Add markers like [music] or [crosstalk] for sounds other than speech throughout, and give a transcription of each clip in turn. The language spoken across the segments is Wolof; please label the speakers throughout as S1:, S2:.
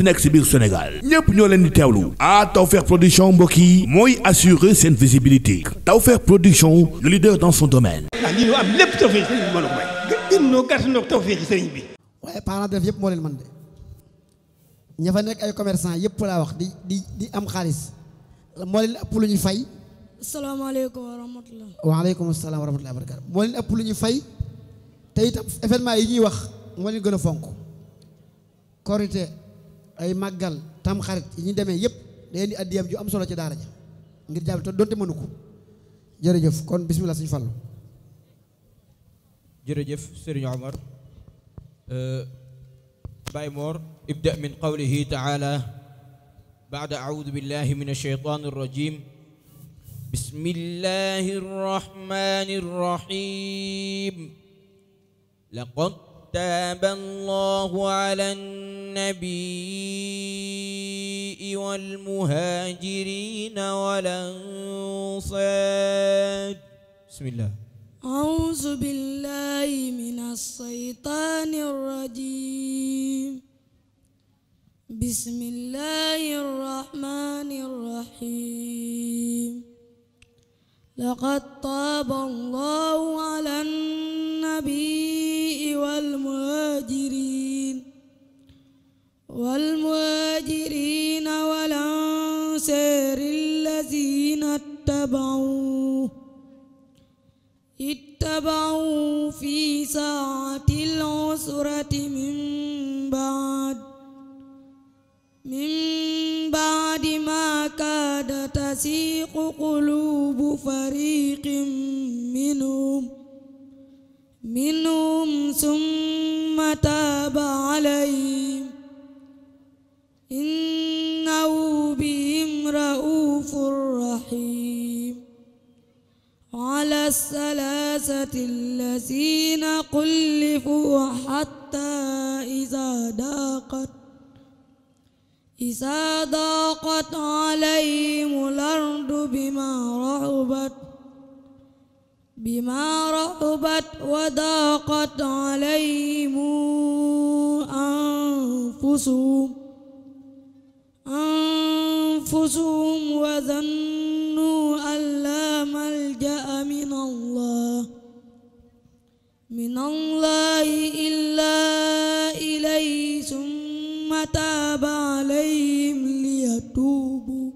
S1: mënti nekk si biir Sénégal ñëpp ñoo leen di teewlu ah Tawfekh production mbokk yi mooy assurer seen visibilité Tawfekh production le leader dans son domaine. ah lii ñu am lépp Tawfekh
S2: sëriñ bi bi. waaye parents def yëpp moo leen mën de ña fa nekk ay commerçant yëpp laa wax di di di am xaalis moo leen ëpp lu ñuy fay.
S3: salaamaaleykum wa
S2: rahmatulah. salaam wa rahmatulah barakaatu lu ñuy fay te itam événement yi ñuy wax moo leen gën a fonk korité ay màggal tamxarit yi ñu demee yëpp day indi addiyam ju am solo ci daara ja ngir jàpp te donte mënu ko jërëjëf kon bisimilah suñu fàllu
S4: jërëjëf sëriñ Omar euh, Baay Moor ibda min qawlihi taala baada audu billahi min alsheytan arrajim bismillahi arrahmani arrahim laqad تاب الله على النبي والمهاجرين والأنصار
S5: بسم الله
S3: أعوذ بالله من الشيطان الرجيم بسم الله الرحمن الرحيم لقد طاب الله على النبي والمهاجرين والمهاجرين والأنصار الذين اتبعوه اتبعوا في ساعة العسرة من بعد من بعد ما كاد تسيق قلوب فريق منهم منهم ثم تاب عليهم إنه بهم رؤوف رحيم على الثلاثة الذين خلفوا حتى إذا ضاقت إذا ضاقت عليهم الأرض بما رحبت بما رحبت وضاقت عليهم أنفسهم أنفسهم وظنوا أن لا ملجأ من الله من الله إلا تاب عليهم ليتوبوا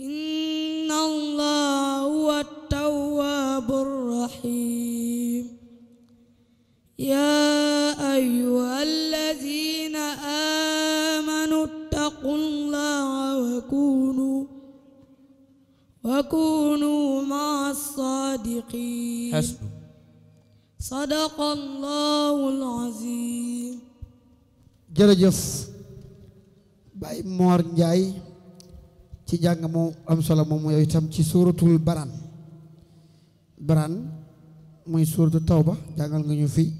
S3: إن الله هو التواب الرحيم يا أيها الذين آمنوا اتقوا الله وكونوا وكونوا مع الصادقين حسبك صدق الله العظيم
S2: jërëjëf Baye Mor Ndiaye ci jàng mu am solo moom yooyu itam ci suuratul baran baran muy suuratu tawba jàngal nga ñu fi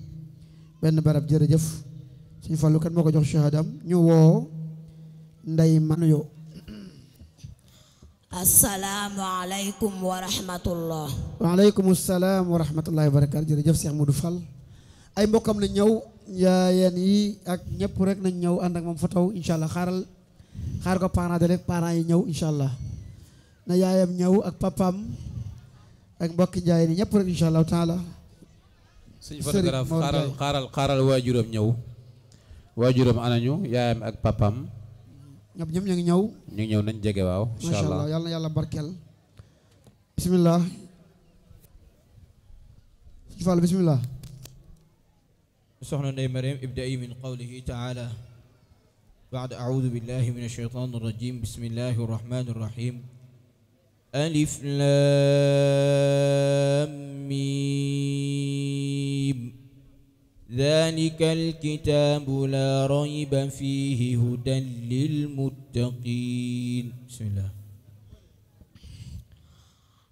S2: benn barab jërëjëf suñu fàllu kan moo ko jox shahadam ñu woo ndey manu yo
S6: asalaamualeykum wa rahmatullah
S2: waaleykum salaam wa rahmatullahi wa barakatu jërëjëf Cheikh ay mbokkam la ñëw yaayeen yi ak ñëpp rek nañ ñëw ànd ak moom fotow incha allah xaaral xaar ko parents de rek parents yi ñëw incha allah na yaayam ñëw ak papaam ak mbokki njaay ni ñëpp rek incha allah taala suñ photographe
S7: xaaral xaaral waa waajuram ñëw juróom anañu yaayam ak papaam
S2: ñëpp ñëpp ñu ngi ñëw
S7: ñu ñëw nañ jege waaw incha allah
S2: yàlla yàlla barkeel bismillah suñ fàll bismillah
S4: soxna Ndey Mariam ibdai min qawlihi taala baad audu billahi min alsheytaan alrajim bismillahi arrahmani arrahim alif lam mim dalika alkitaabu laa rayba fiihi hudan lilmuttaqiin bismillah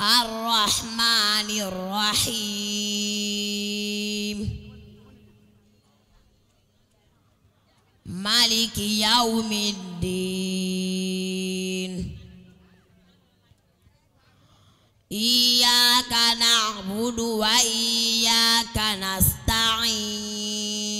S6: الرحمن الرحيم مالك يوم الدين إياك نعبد وإياك نستعين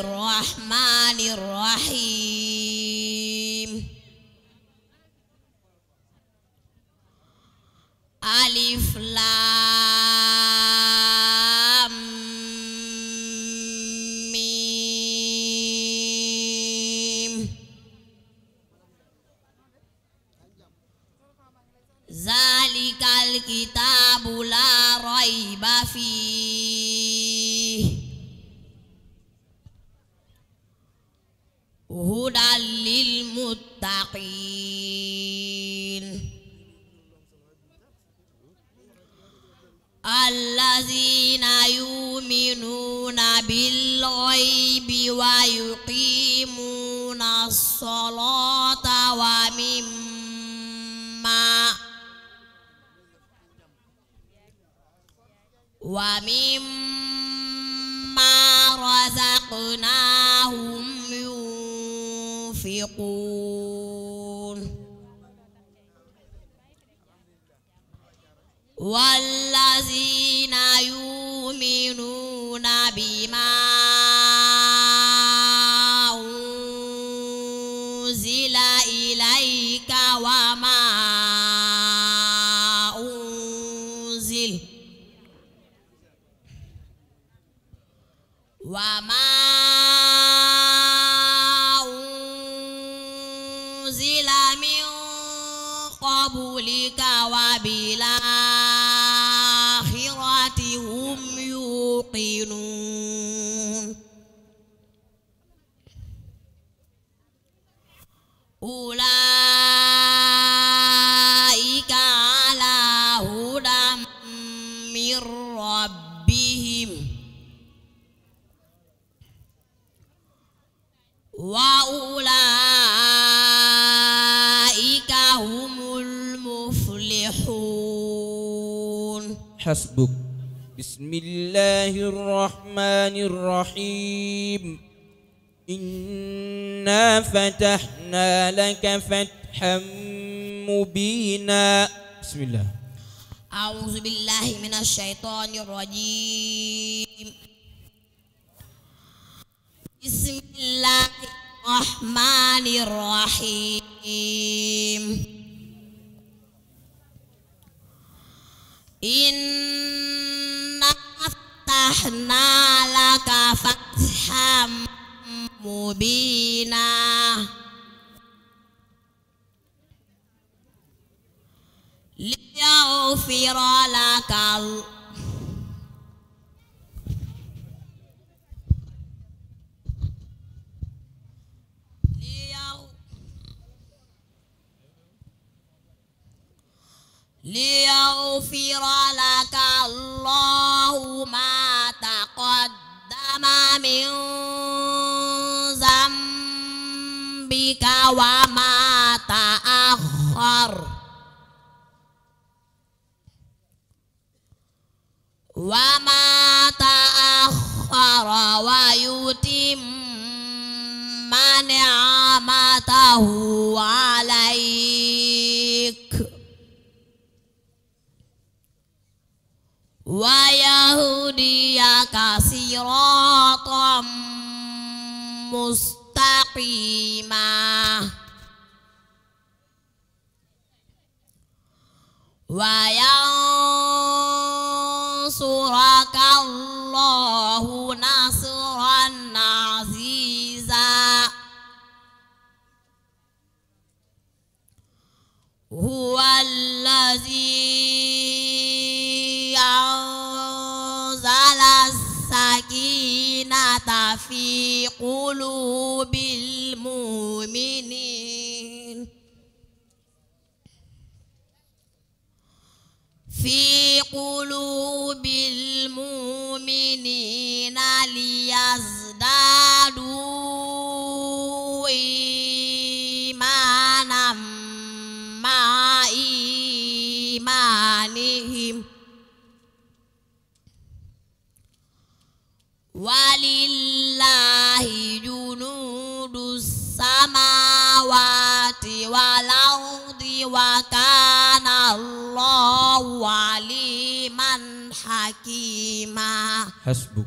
S6: الرحمن الرحيم ألف لام هدى للمتقين الذين يؤمنون بالغيب ويقيمون الصلاة ومما ومما رزقناهم ينفقون والذين يؤمنون بما
S4: حسبك بسم الله الرحمن الرحيم إنا فتحنا لك فتحا مبينا بسم
S6: الله أعوذ بالله من الشيطان الرجيم بسم الله الرحمن الرحيم inna fatahna laka fatham mubina liyaghfira laka ليغفر لك الله ما تقدم من ذنبك وما تأخر وما تأخر ويتم نعمته عليك ويهديك صراطا مستقيما وينصرك الله نصرا عزيزا هو السكينة في قلوب المؤمنين في قلوب المؤمنين ليزدادوا walillahi junudu samawati wal ardi wa kana allahu aliman hakima hasbuk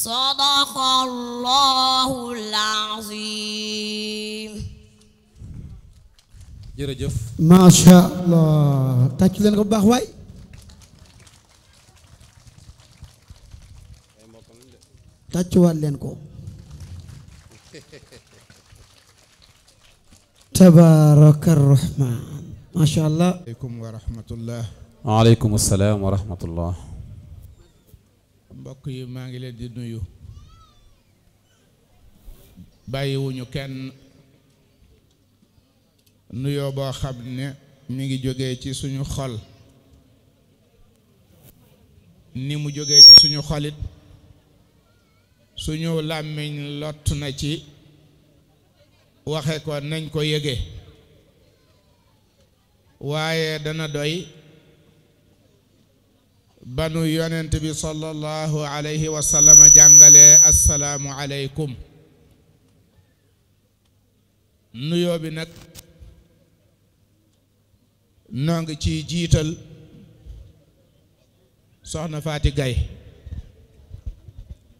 S6: sadaqallahul azim
S7: jërëjëf
S2: masha allah tàcc leen ko bu baax waay tàccuwaat leen ko [laughs] tabaraka rahman macha allah
S7: aleykum wa
S8: mbokk yi maa ngi leen di nuyu bàyyiwuñu kenn nuyoo boo xam ne mi ngi jóge ci suñu xol ni mu jógee ci suñu xolit suñu làmmiñ lott na ci waxe ko nañ ko yëge waaye dana doy banu yonent bi sallallahu alayhi wa sallam jàngale assalaamu aleykum nuyoo bi nag noo ngi ci jiital soxna Faati Gaye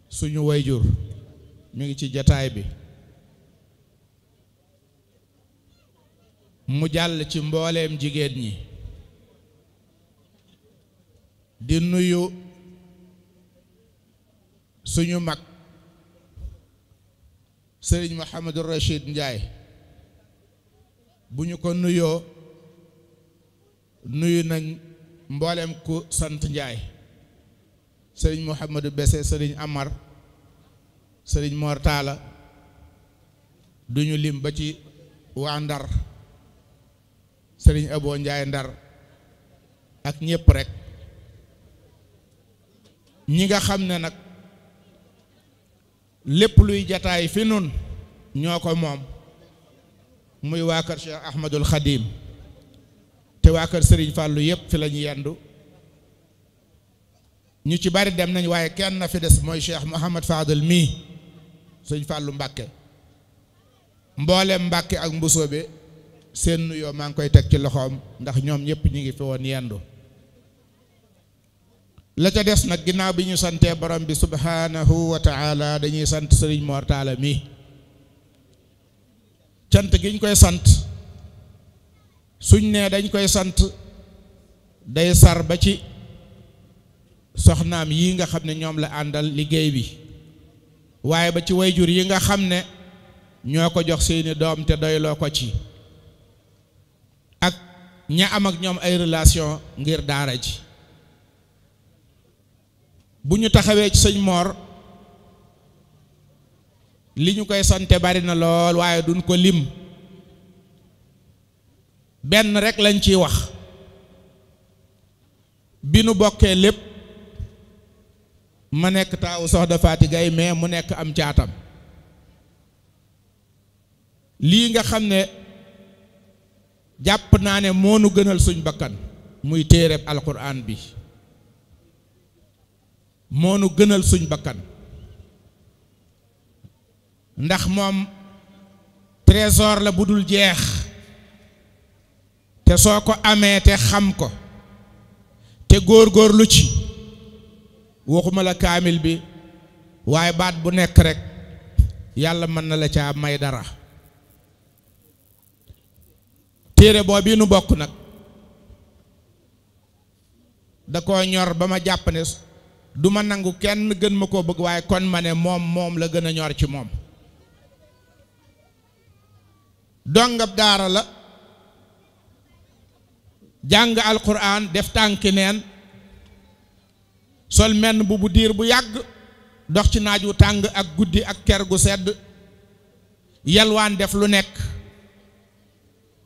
S8: suñu wayjur mu ngi ci jataay bi mu jàll ci mbooleem jigéen ñi di nuyu suñu mag sëriñ Mouhamadou Rachid Ndiaye bu ñu ko nuyoo nuyu nag mbooleem ku sant njaay sëriñ Mouhamadou Bese sëriñ Amar sëriñ Mor du ñu lim ba ci waa Ndar sëriñ Abo Njaay Ndar ak ñépp rek ñi nga xam ne nag lépp luy jataay fi nun ñoo ko moom muy waa kër Cheikh Ahmadul Xadim te waa kër sëriñ Fàllu yépp fi la ñu yendu ñu ci bari dem nañ waaye kenn na fi des mooy Cheikh Mouhamad Fadel mii sëñ Fàllu Mbàkke mboolem Mbàkke ak bi seen nuyoo maa ngi koy teg ci loxoom ndax ñoom ñëpp ñu ngi fi woon yendu la ca des nag ginnaaw bi ñu santee borom bi subhanahu wa dañuy sant sëriñ Mor mii cant gi ñu koy sant suñ ne dañ koy sant day sar ba ci soxnaam yii nga xam ne ñoom la àndal liggéey bi waaye ba ci wayjur yi nga xam ne ñoo ko jox seeni doom te doyloo ko ci ak ña am ak ñoom ay relation ngir daara ji bu ñu taxawee ci sëñ Mor li ñu koy sante bari na lool waaye duñ ko lim benn rekk lañ ciy wax bi nu bokkee lépp ma nekk taawu sox Faati Gaye mais mu nekk am caatam lii nga xam ne jàpp naa ne moo nu gënal suñ bakkan muy téere téereb alquran bi moo nu gënal suñ bakkan ndax moom trésor la bu dul jeex te soo ko amee te xam ko te góor góorlu ci ma la kaamil bi waaye baat bu nekk rek yàlla mën na la caa may dara téere boo bii nu bokk nag da koo ñor ba ma jàpp ne du ma nangu kenn gën ma ko bëgg waaye kon ma ne moom moom la gën a ñor ci moom dongab daara la jàng alquran def tànki neen sol menn bu bu diir bu yàgg dox ci naaj wu tàng ak guddi ak ker gu sedd yalwaan def lu nekk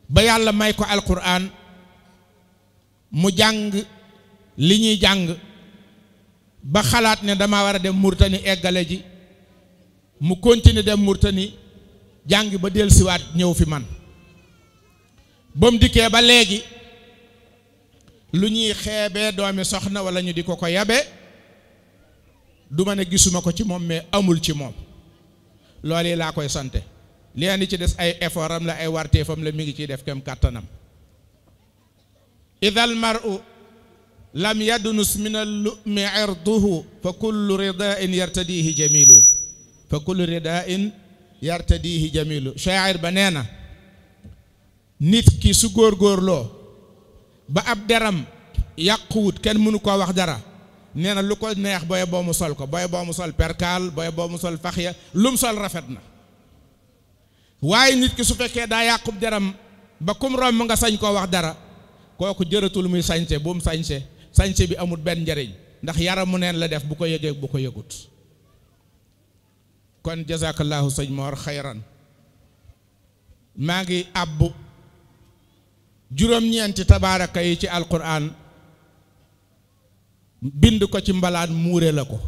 S8: ba yàlla may ko alquran mu jàng li ñuy jàng ba xalaat ne dama war a dem murtani eggale ji mu continue dem murtani jàng ba dellusiwaat ñëw fi man ba mu dikkee ba léegi lu ñuy xeebe doomi soxna wala ñu di ko ko yabe du ma ne gisuma ko ci moom mais amul ci moom loolu laa koy sante leen di ci des ay effort la ay warteefam la mi ngi ciy def kem kàttanam idal maru lam yadnus min allumi irduhu fa kullu ridain yartadihi jamilu fa kullu ridain yartadihi jamilu shaa'ir ba nee na nit ki su góor góorloo ba ab deram yàquwut kenn mënu koo wax dara nee na lu ko neex booy boo mu sol ko booy boo mu sol perkaal booy boo mu sol faxya lu mu sol rafet na waaye nit ki su fekkee daa yàqub deram ba kum romb nga sañ koo wax dara kooku jëratul muy sañse bu mu sañse sañse bi amul benn njariñ ndax mu neen la def bu ko yëgee bu ko yëgut kon jazakallahu sëñ Mor xayran maa ngi àbbu juróom-ñeenti tabaaraka yi ci alquran bind ko ci mbalaat muure la ko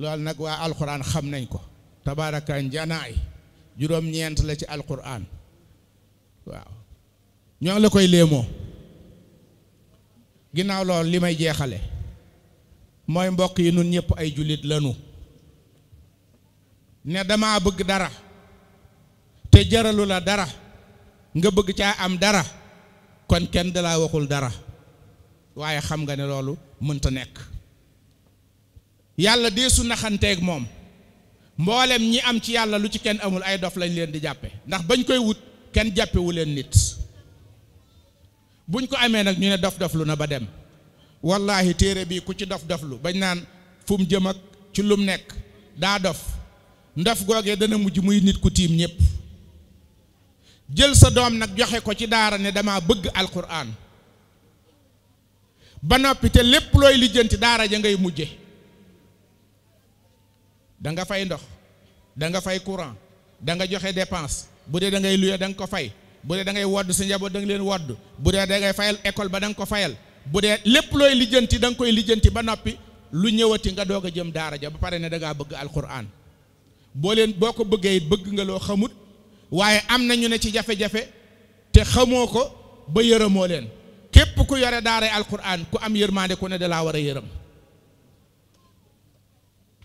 S8: loolu nag waa alquran xam nañ ko tabaaraka njanaay juróom-ñeent la ci alquran waaw ñoo la koy léemoo ginnaaw lool li may jeexale mooy mbokk yi nun ñëpp ay jullit lanu ne damaa bëgg dara te jaralu la dara nga bëgg caa am dara kon kenn dalaa waxul dara waaye xam nga ne loolu mënta nekk yàlla deesu naxanteeg moom mboolem ñi am ci yàlla lu ci kenn amul ay dof lañ leen di jàppe ndax bañ koy wut kenn jàppewu leen nit buñ ko amee nag ñu ne dof doflu na ba dem wallahi téere bii ku ci dof doflu bañ naan fu jëm ak ci lum nekk daa dof ndof googee dana mujj muy nit ku tiim ñëpp jël sa doom nag joxe ko ci daara ne damaa bëgg alquran ba noppi te lépp looy lijjanti daara ja ngay mujje danga nga fay ndox danga nga fay courant da joxe dépense bu dee da ngay luye da nga ko fay bu dee da ngay wodd sa njaboot da leen wodd bu dee da ngay fayal école ba danga ko fayal bu dee lépp looy lijjanti da nga koy lijjanti ba noppi lu ñëwati nga doog a jëm daara ja ba pare ne dangaa ngaa bëgg alquran boo leen boo ko bëggee bëgg nga loo xamut waaye am nañu ne ci jafe-jafe te xamoo ko ba yërëmoo leen képp ku yore daaray alquran ku am yërmaande ku ne da laa war a yërëm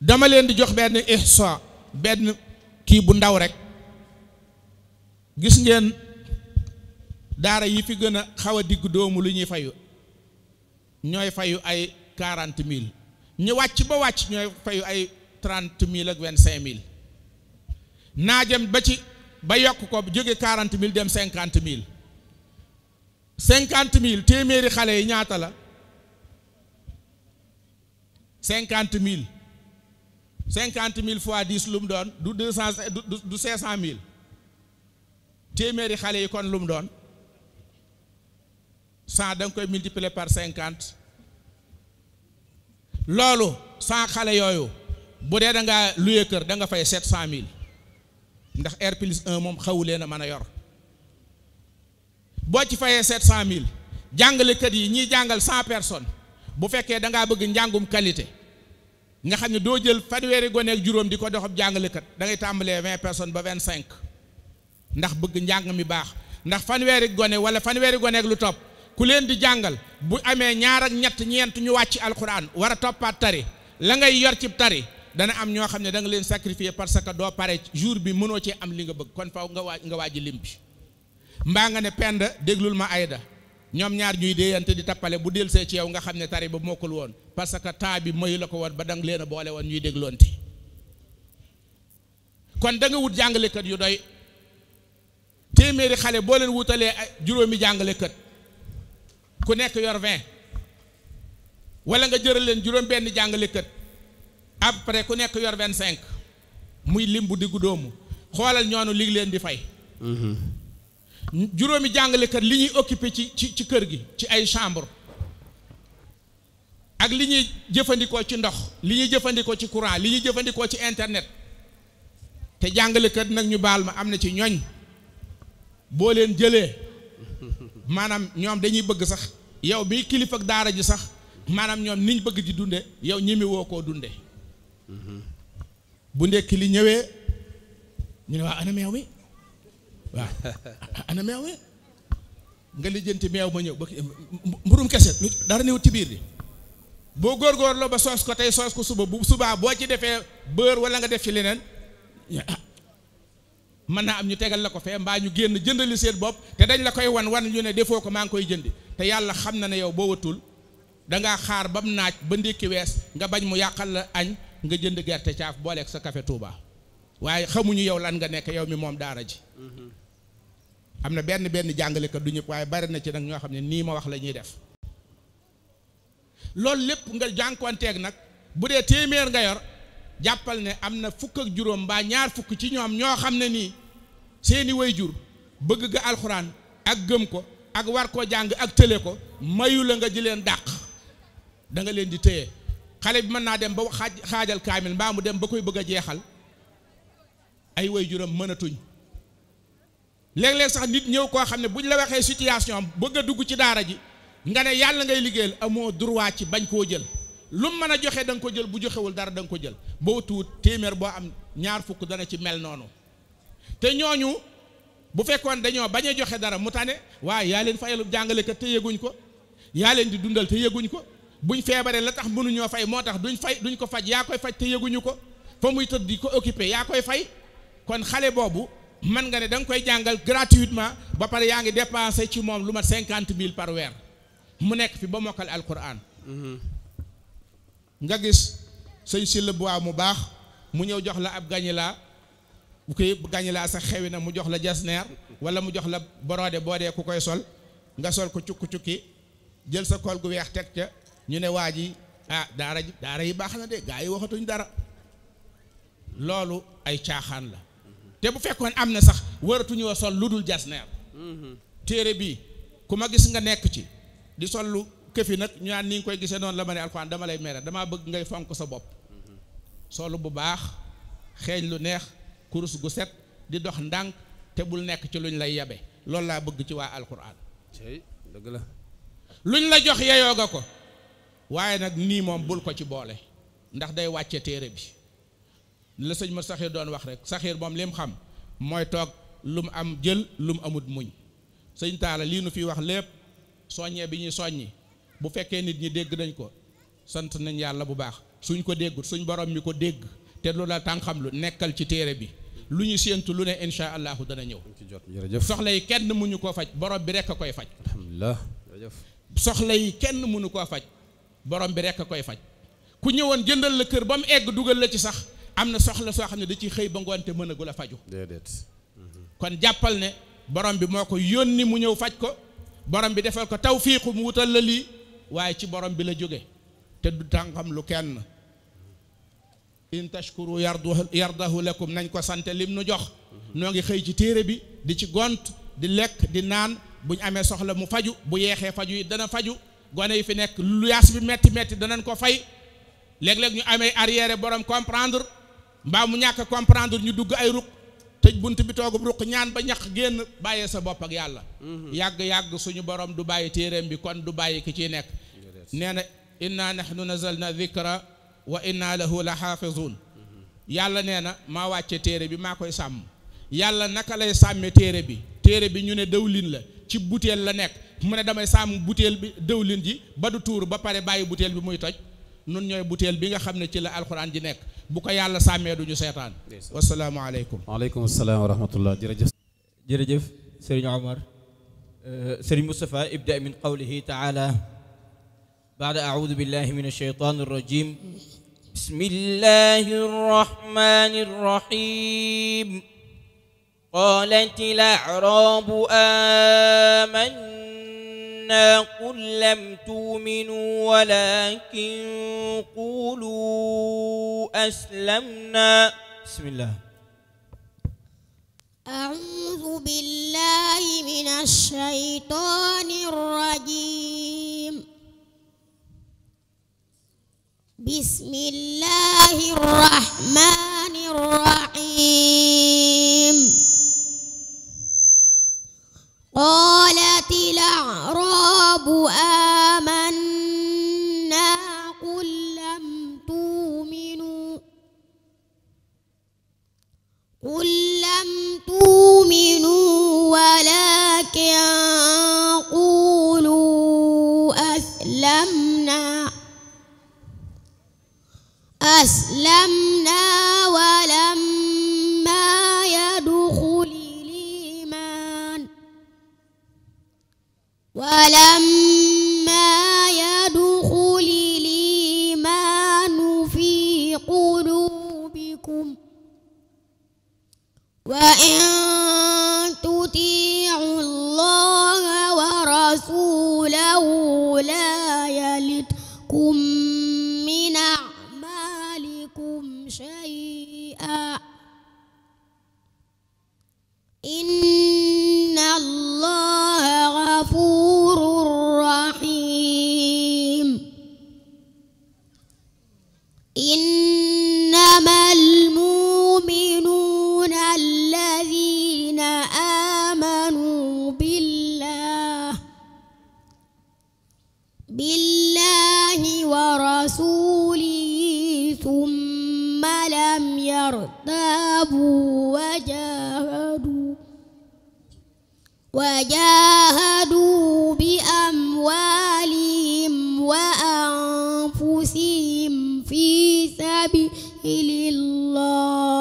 S8: dama leen di jox benn ihsa benn kii bu ndaw rek gis ngeen daara yi fi gën a xaw a digg doomu lu ñuy fayu ñooy fayu ay quarante mille ñu wàcc ba wàcc ñooy fayu ay trente mille ak vingt cinq mille naa jëm ba ci ba yokk ko jóge quarante mille dem cinquante mille cinquante mille téeméeri xale yi ñaata la cinquante mille cinquante mille fois dix lu doon du deux cent du mille téeméeri xale yi kon lum doon cent da nga koy multiplier par cinquante loolu cent xale yooyu bu dee da ngaa luye kër da nga fay sept cent mille ndax R moom xawu leen a mën a yor boo ci fayee 700000 jàngalekat yi ñiy jàngal 100 personnes bu fekkee da ngaa bëgg njàngum qualité nga xam ne doo jël fanweeri gone juróom di ko doxab jàngalekat da ngay tàmbalee 20 personnes ba 25 ndax bëgg njàng mi baax ndax fanweeri gone wala fanweeri gone lu topp ku leen di jàngal bu amee ñaar ñett ñeent ñu wàcc alxuraan war a toppaat tari la ngay yor ci tari. dana am ñoo xam ne danga leen sacrifier parce que doo pare jour bi mënoo cee am li nga bëgg kon faw nga waaj nga waaji lim bi mbaa nga ne pend déglul ma ayda ñoom ñaar ñuy déeyante di tappale bu del see ci yow nga ne tari ba mokkul woon parce que taa bi mayu la ko woon ba leen boole woon ñuy dégloonte da nga wut jàngalekat yu doy téeméeri xale boo leen wutalee juróomi jàngalekat ku nekk yor vingt wala nga jëral leen juróom benn jàngalekat après ku nekk yor vingt cinq muy lim bu diggu doomu xoolal ñoonu li leen di fay mhm. juróomi jàngalekat li ñuy occupé ci ci ci kër gi ci ay chambre ak li ñuy jëfandikoo ci ndox li ñuy jëfandikoo ci courant li ñuy jëfandikoo ci internet te jàngalekat nag ñu baal ma am na ci ñooñ boo leen jëlee maanaam ñoom dañuy bëgg sax yow bi kilifa daara ji sax maanaam ñoom niñ bëgg di dunde yow ñimi koo dunde bu ndekki li ñëwee ñu ne waa ana meew mi
S7: waaw [laughs]
S8: ana meew mi nga lijjanti meew ma ñëw ba mburum kese dara néew ci biir bi boo góorgóorloo ba soos ko tey soos ko suba bu subaa boo ci defee beurre wala nga def ci leneen ah, man naa am ñu tegal la ko fee mbaa ñu génn jëndali seet bopp te dañ la koy wan wan ñu ne defoo ko maa ngi koy jëndi te yàlla xam na ne yow boo watul dangaa xaar bam naaj ba ndékki wees nga bañ mu yàqal la añ nga jënd gerte caaf booleeg sa café Touba waaye xamuñu yow lan nga nekk yow mi moom daara ji mm-hmm. am na benn benn jàngalekat du ñëpp waaye bari na ci nag ñoo xam ne nii ma wax la ñuy def loolu lépp nga jànkuwanteeg nag bu dee téeméer nga yor jàppal ne am na fukk ak juróom mbaa ñaar fukk ci ñoom ñoo xam ne nii seeni waajur bëgg ga alxuraan ak gëm ko ak war koo jàng ak tële ko mayu la nga ji leen dàq danga leen di téye. xale bi mën naa dem ba xaaj xaajal kaamil mbaa mu dem ba koy bëgg jeexal ay way juram mënatuñ léeg-léeg sax nit ñëw koo xam ne buñ la waxee situation am a dugg ci daara ji nga ne yàlla ngay liggéeyal amoo droit ci bañ koo jël lu mu mën a joxe danga ko jël bu joxewul dara da nga ko jël boo tuut téeméer boo am ñaar fukk dana ci mel noonu te ñooñu bu fekkoon dañoo bañ joxe dara mu tane waaye yaa leen fayalub jàngalekat te yëguñ ko yaa leen di dundal te yëguñ ko buñ feebaree la tax mënuñoo fay moo tax duñ fay duñ ko faj yaa koy faj te yëguñu ko fa muy tëdd di ko occupé yaa koy fay kon xale boobu mën nga ne da nga koy jàngal gratuitement ba pare yaa ngi dépensé ci moom lu mat cinquante mille par weer mu nekk fi ba mokkal alquran nga gis sëñ Sylla bu waaw mu baax mu ñëw jox la ab gañi laa bu koy gañi laa sax xewi na mu jox la jasneer wala mu jox la borode dee ku koy sol nga sol ko cukki-cukki jël sa kool gu weex teg ca ñu ne waa ji ah daara ji daara yi baax na de gaa yi waxatuñ dara loolu ay caaxaan la te bu fekkoon am na sax waratuñoo sol lu dul jasneer téere bii ku ma gis nga nekk ci di sol lu këfi nag ñu naan ni nga koy gisee noonu la ma ne alxuraan dama lay mere damaa bëgg ngay fonk sa bopp sol bu baax xeeñ lu neex kurus gu set di dox ndànk te bul nekk ci luñ lay yabe loolu laa bëgg ci waa alxuraan dëgg la luñ la jox yeyoo nga ko waaye nag nii moom bul ko ci boole ndax day wàcce téere bi la sëñ ma saxiir doon wax rek saxiir moom lim xam mooy toog lu mu am jël lu mu amut muñ sëñ taala lii nu fi wax lépp soññee bi ñuy soññi bu fekkee nit ñi dégg nañ ko sant nañ yàlla bu baax suñ ko déggul suñ borom mi ko dégg te lu la tànqam lu nekkal ci téere bi lu ñu séentu lu ne insha allahu dana ñëw soxla yi kenn ñu koo faj borom bi rekk a koy faj alhamdulillah soxla yi kenn mënu koo faj borom bi rekk koy faj ku ñëwoon jëndal la kër ba mu egg dugal la ci sax am na soxla soo xam ne da ciy xëy ba ngoon te a faju déedéet kon jàppal ne borom bi moo ko yónni mu ñëw faj ko borom bi defal ko tawfiiqu mu wutal la lii waaye ci borom bi la jóge te du tànkam lu kenn in tashkuru yardu yardahu lakum nañ ko sant lim nu jox noo ngi xëy ci téere bi di ci gont di lekk di naan buñ amee soxla mu faju bu yeexee faju yi dana faju gone yi fi nekk lu yaas bi metti metti danañ ko fay léeg-léeg ñu amee arrière borom comprendre mbaa mu ñàkk comprendre ñu dugg ay ruq tëj bunt bi toogub ruq ñaan ba ñax génn bàyyee sa bopp ak yàlla mhm. yàgg-yàgg suñu borom du bàyyi téereem bi kon du bàyyi ki ciy nekk nee na inna nahnu nazalna dhikra wa inna lahu la xaafizun mhm. yàlla nee na maa wàccee téere bi maa koy sàmm yàlla naka lay sàmmee téere bi téere bi ñu ne dawlin la ci butéel la nekk mu ne damay sàmm butéel bi dëwlin ji ba du tuur ba pare bàyyi butéel bi muy toj nun ñooy butéel bi nga xam ne ci la alxuraan ji nekk bu ko yàlla sàmmee duñu seetaan
S7: wasalaamaaleykum waaleykum salaam wa rahmatullah jërëjëf jërëjëf sëriñ Omar
S4: euh, sëriñ Moustapha ibda min qawlihi taala baada audu billahi min alsheytan arrajim bismillahi arrahmani arrahim قالت الأعراب آمنا قل لم تؤمنوا ولكن قولوا أسلمنا بسم الله أعوذ
S9: بالله من الشيطان الرجيم بسم الله الرحمن الرحيم قالت الأعراب آمنا قل لم تؤمنوا قل لم تؤمنوا ولكن قولوا أسلمنا أسلمنا ولم ولما يدخل الإيمان في قلوبكم وإن تطيعوا الله ورسوله لا يلتكم من أعمالكم شيئا إن الله taabuu wajaahaduu wajaahaduu bi amwaalihim wa anfusihim fi sabiilillah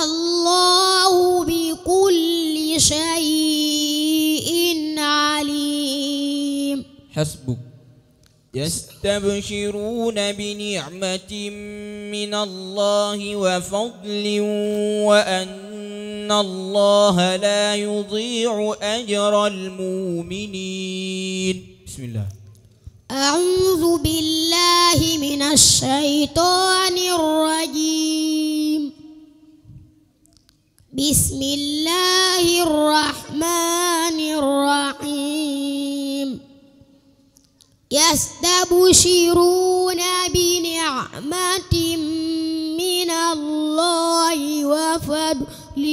S9: والله بكل
S4: شيء عليم حسبك يستبشرون بنعمة من الله وفضل وأن الله لا يضيع أجر المؤمنين بسم الله
S9: أعوذ بالله من الشيطان الرجيم بسم الله الرحمن الرحيم يستبشرون بنعمة من الله وفضل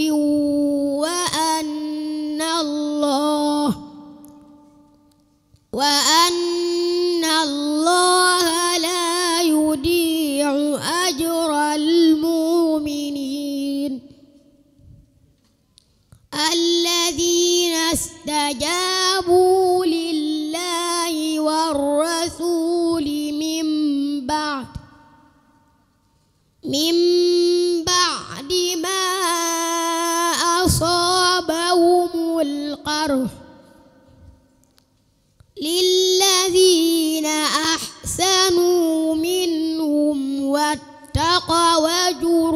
S9: وأن الله وأن الله لا يضيع الذين استجابوا لله والرسول من بعد من بعد ما أصابهم القرح للذين أحسنوا منهم واتقوا أجر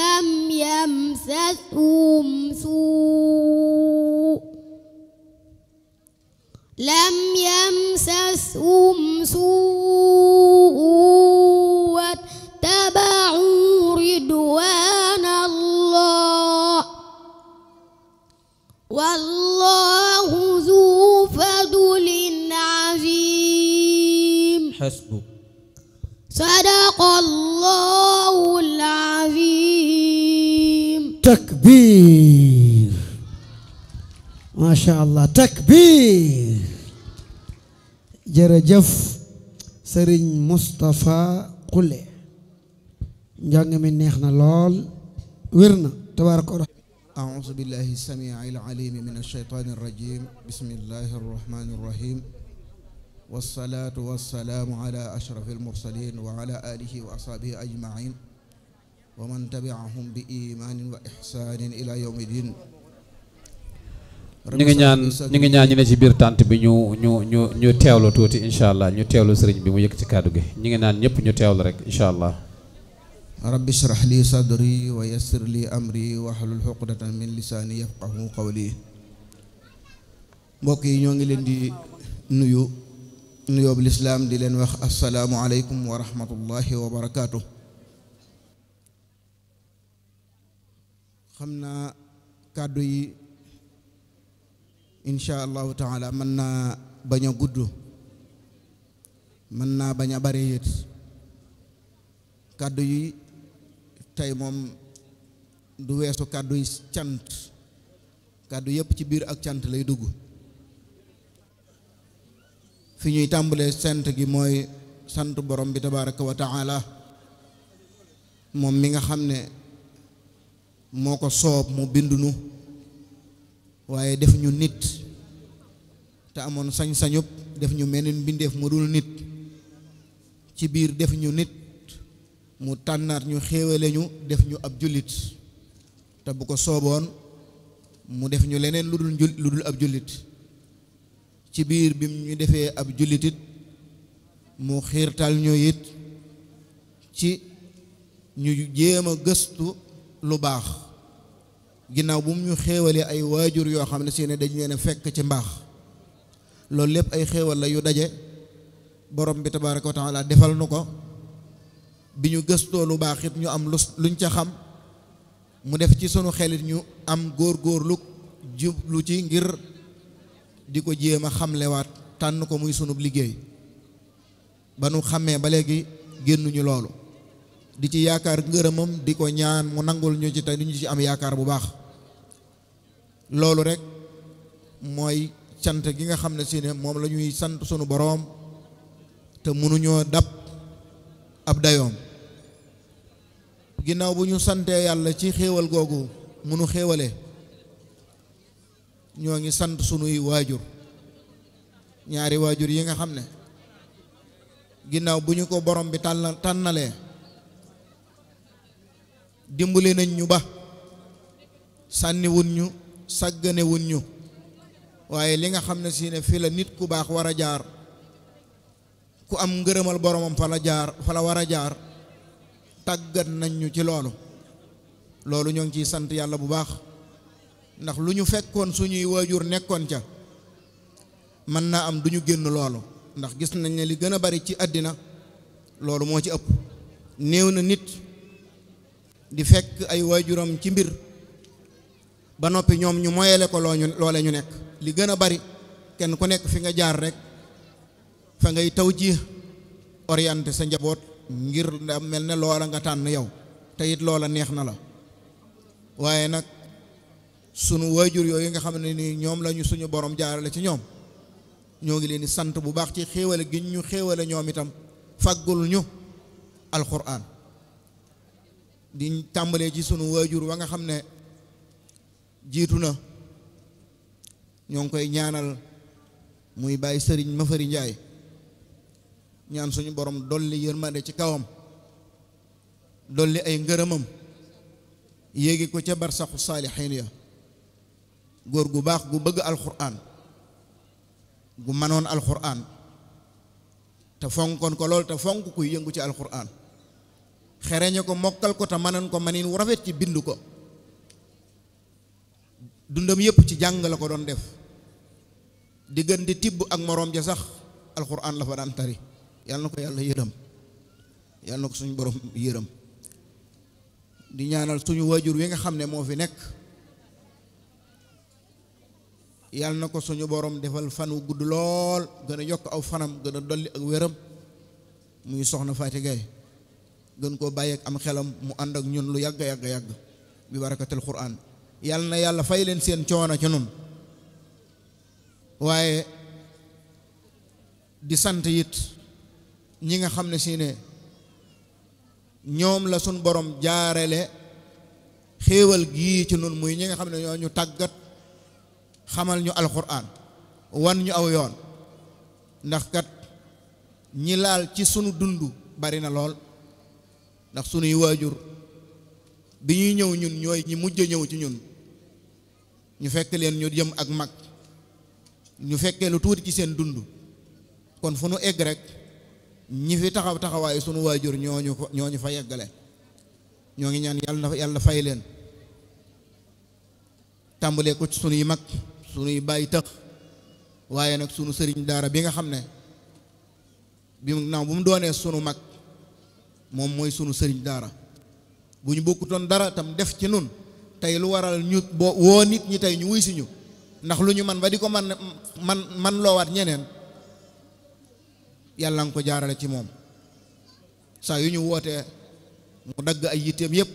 S9: لم يمسسهم سوء لم يمسسهم سوء واتبعوا رضوان الله والله ذو فضل عظيم حسبك صدق الله العظيم
S2: takbir macha allah takbir jërëjëf sëriñ Moustapha Khoule njàng mi neex na lool wér na tabaaraka
S10: أعوذ بالله السميع العليم من الشيطان الرجيم بسم الله الرحمن الرحيم والصلاة والسلام على أشرف المرسلين وعلى آله وأصحابه أجمعين wa man tabi'ahum bi imaanin wa ihsaanin ila yawmi din
S7: ñu ngi ñaan ñu ngi ñaan ñu ne ci biir tànt bi ñu ñu ñu ñu teewlu tuuti incha allah ñu teewlu sëriñ bi mu yëkk ci kàddu gi ñu ngi naan ñëpp ñu teewlu rek incha allah
S10: rabbi shrah li sadri wa yassir li amri wahlul uqdatan min lisaani yafqahu qawli mbokk yi ñoo ngi leen di nuyu nuyoobu lislaam di leen wax asalaamu aleykum wa rahmatullahi wa xam naa kàddu yi incha allahu taala mën naa bañ a gudd mën naa bañ a bare it kàddu yi tey moom du weesu kàddu yi cant kàddu yëpp ci biir ak cant lay dugg fi ñuy tàmbalee sant gi mooy sant borom bi tabaraka wa taala moom mi nga xam ne moo ko soob mu bindunu waaye def ñu nit te amoon sañ-sañub def ñu meneen mbindeef mu dul nit ci biir def ñu nit mu tànnaat ñu xéewale ñu def ñu ab jullit te bu ko sooboon mu def ñu leneen lu dul ab jullit ci biir bim ñu defee ab jullitit mu xiirtal ñu it ci ñu jéem a gëstu lu baax ginnaaw bu mu ñu xéewalee ay waajur yoo xam ne si ne dañ leen a fekk ci mbaax loolu lépp ay xéewal la yu daje borom bi tabaaraka wa taala defal nu ko bi ñu gëstoo lu baax it ñu am lu luñ ca xam mu def ci sunu xelit ñu am góor-góorlu jublu ci ngir di ko jéem a xamlewaat tànn ko muy sunub liggéey ba nu xàmmee ba léegi génnuñu loolu di ci yaakaar ngërëmam di ko ñaan mu nangul ñu ci te ñu ci am yaakaar bu baax loolu rek mooy sant gi nga xam ne si ne moom la ñuy sant sunu boroom te mënuñoo dab ab dayoom ginnaaw bu ñu santee yàlla ci xéewal googu mënu xéewale ñoo ngi sant sunuy waajur ñaari waajur yi nga xam ne ginnaaw bu ñu ko borom bi tànn tànnalee dimbale nañ ñu ba sànniwun ñu sàgganewun ñu waaye li nga xam ne si ne fi la nit ku baax war a jaar ku am ngërëmal boromam fa la jaar fa la war a jaar tàggat nañ ci loolu loolu ñoo ngi ciy sant yàlla bu baax ndax lu ñu fekkoon suñuy waajur nekkoon ca mën naa am du ñu génn loolu ndax gis nañ ne li gën a bari ci àddina loolu moo ci ëpp néew na nit di fekk ay waajuram ci mbir ba noppi ñoom ñu moyele ko loo ñu loole ñu nekk li gën a bari kenn ku nekk fi nga jaar rek fa ngay taw ji orienté sa njaboot ngir da mel ne loola nga tànn yow te it loola neex na la waaye nag sunu waajur yooyu nga xam ne ni ñoom lañu suñu borom la ci ñoom ñoo ngi leen di sant bu baax ci xéewale gi ñu xéewale ñoom itam faggul ñu alquran di tàmbalee ci sunu waajur wa nga xam ne jiitu na ñoo ngi koy ñaanal muy bàyyi sëriñ Mafari Njaay ñaan suñu borom dolli yërmande ci kawam dolli ay ngërëmam yéegi ko ca barsaxu saalixiin ya góor gu baax gu bëgg alxuraan gu manoon alxuraan te fonkoon ko lool te fonk kuy yëngu ci alxuraan xereñe ko mokkal ko te mënan ko manin wu rafet ci bind ko dundam yépp ci jàng la ko doon def diggante tibb ak moroom ja sax alxuraan la fa daan tari yàlla na ko yàlla yërëm yàlla na ko suñu boroom yërëm di ñaanal suñu waajur wi nga xam ne moo fi nekk yàlla na ko suñu borom defal fan wu gudd lool gën a yokk aw fanam gën a dolli ak wéram muy soxna Faati gën koo bàyyeek am xelam mu ànd ak ñun lu yàgg yàgg yàgg bi barakatul quraan yàlla na yàlla fay leen seen coono ci nun waaye di sant it ñi nga xam ne si ne ñoom la suñ borom jaarele xéewal gii ci nun muy ñi nga xam ne ñoo ñu tàggat xamal ñu alquran wan ñu aw yoon ndax kat ñi laal ci sunu dund bari na lool ndax sunuy waajur bi ñuy ñëw ñun ñooy ñi mujj ñëw ci ñun ñu fekk leen ñu jëm ak mag ñu fekkee lu tuuti ci seen dund kon fu nu egg rek ñi fi taxaw taxawaay sunu waajur ñoo ñu fa yeggale ñoo ngi ñaan yàlla na yàlla fay leen tàmbalee ko ci sunuy mag sunuy bàyyi tëx waaye nag sunu sëriñ daara bi nga xam ne bi mu naaw bu mu doonee sunu mag moom mooy sunu sëriñ daara bu ñu bokkutoon dara tam def ci nun tey lu waral ñu boo woo nit ñi tey ñu wuy si ñu ndax lu ñu man ba di ko man man man loowaat ñeneen yàlla nga ko jaarale ci moom saa yu ñu wootee mu dagg ay yitteem yépp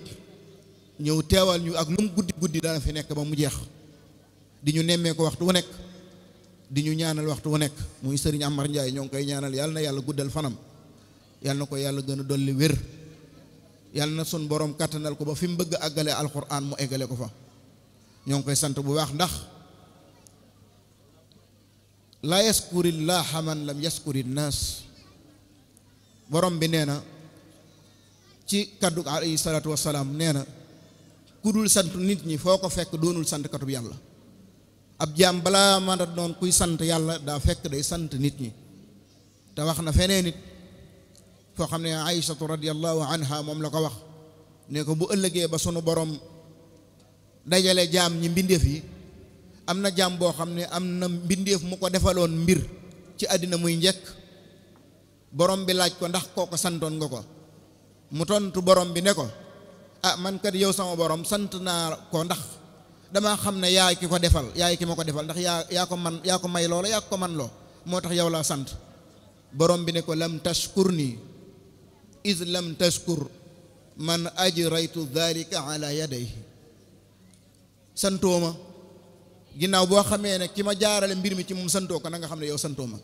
S10: ñëw teewal ñu ak lu mu guddi guddi dana fi nekk ba mu jeex di ñu nemmee ko waxtu wu nekk di ñu ñaanal waxtu wu nekk muy sëriñ Amar Njaay ñoo ngi koy ñaanal yàlla na yàlla guddal fanam yàlla na ko yàlla gën a dolli wér yàlla na sun boroom kàttanal ko ba fi mu bëgg àggale alxuraan mu eggale ko fa ñoo ngi koy sant bu baax ndax laa yaskurillaha man lam yaskuri naas borom bi nee na ci kaddu alayhi salaatu wasalaam nee na ku sant nit ñi foo ko fekk doonul sant katub yàlla ab jaam balaa mën a doon kuy sant yàlla daa fekk day sant nit ñi te wax na feneen nit foo xam ne aysatu radiallahu anha moom la ko wax ne ko bu ëllëgee ba sunu borom dajale jaam ñi mbindeef yi am na jaam boo xam ne am na mbindeef mu ko defaloon mbir ci àddina muy njëkk borom bi laaj ko ndax kooko santoon nga ko mu tontu borom bi ne ko ah man kat yow sama borom sant naa ko ndax damaa xam ne yaa ki ko defal yaay ki ma ko defal ndax yaa yaa ko man yaa ko may loola yaa ko man loo moo tax yow laa sant borom bi ne ko lam tashkur nii is lam tashkur man ajraytu dhalika ala yadayhi santoo ma ginnaaw boo xamee ne ki ma jaarale mbir mi ci moom santoo ko nanga xam ne yow santoo ma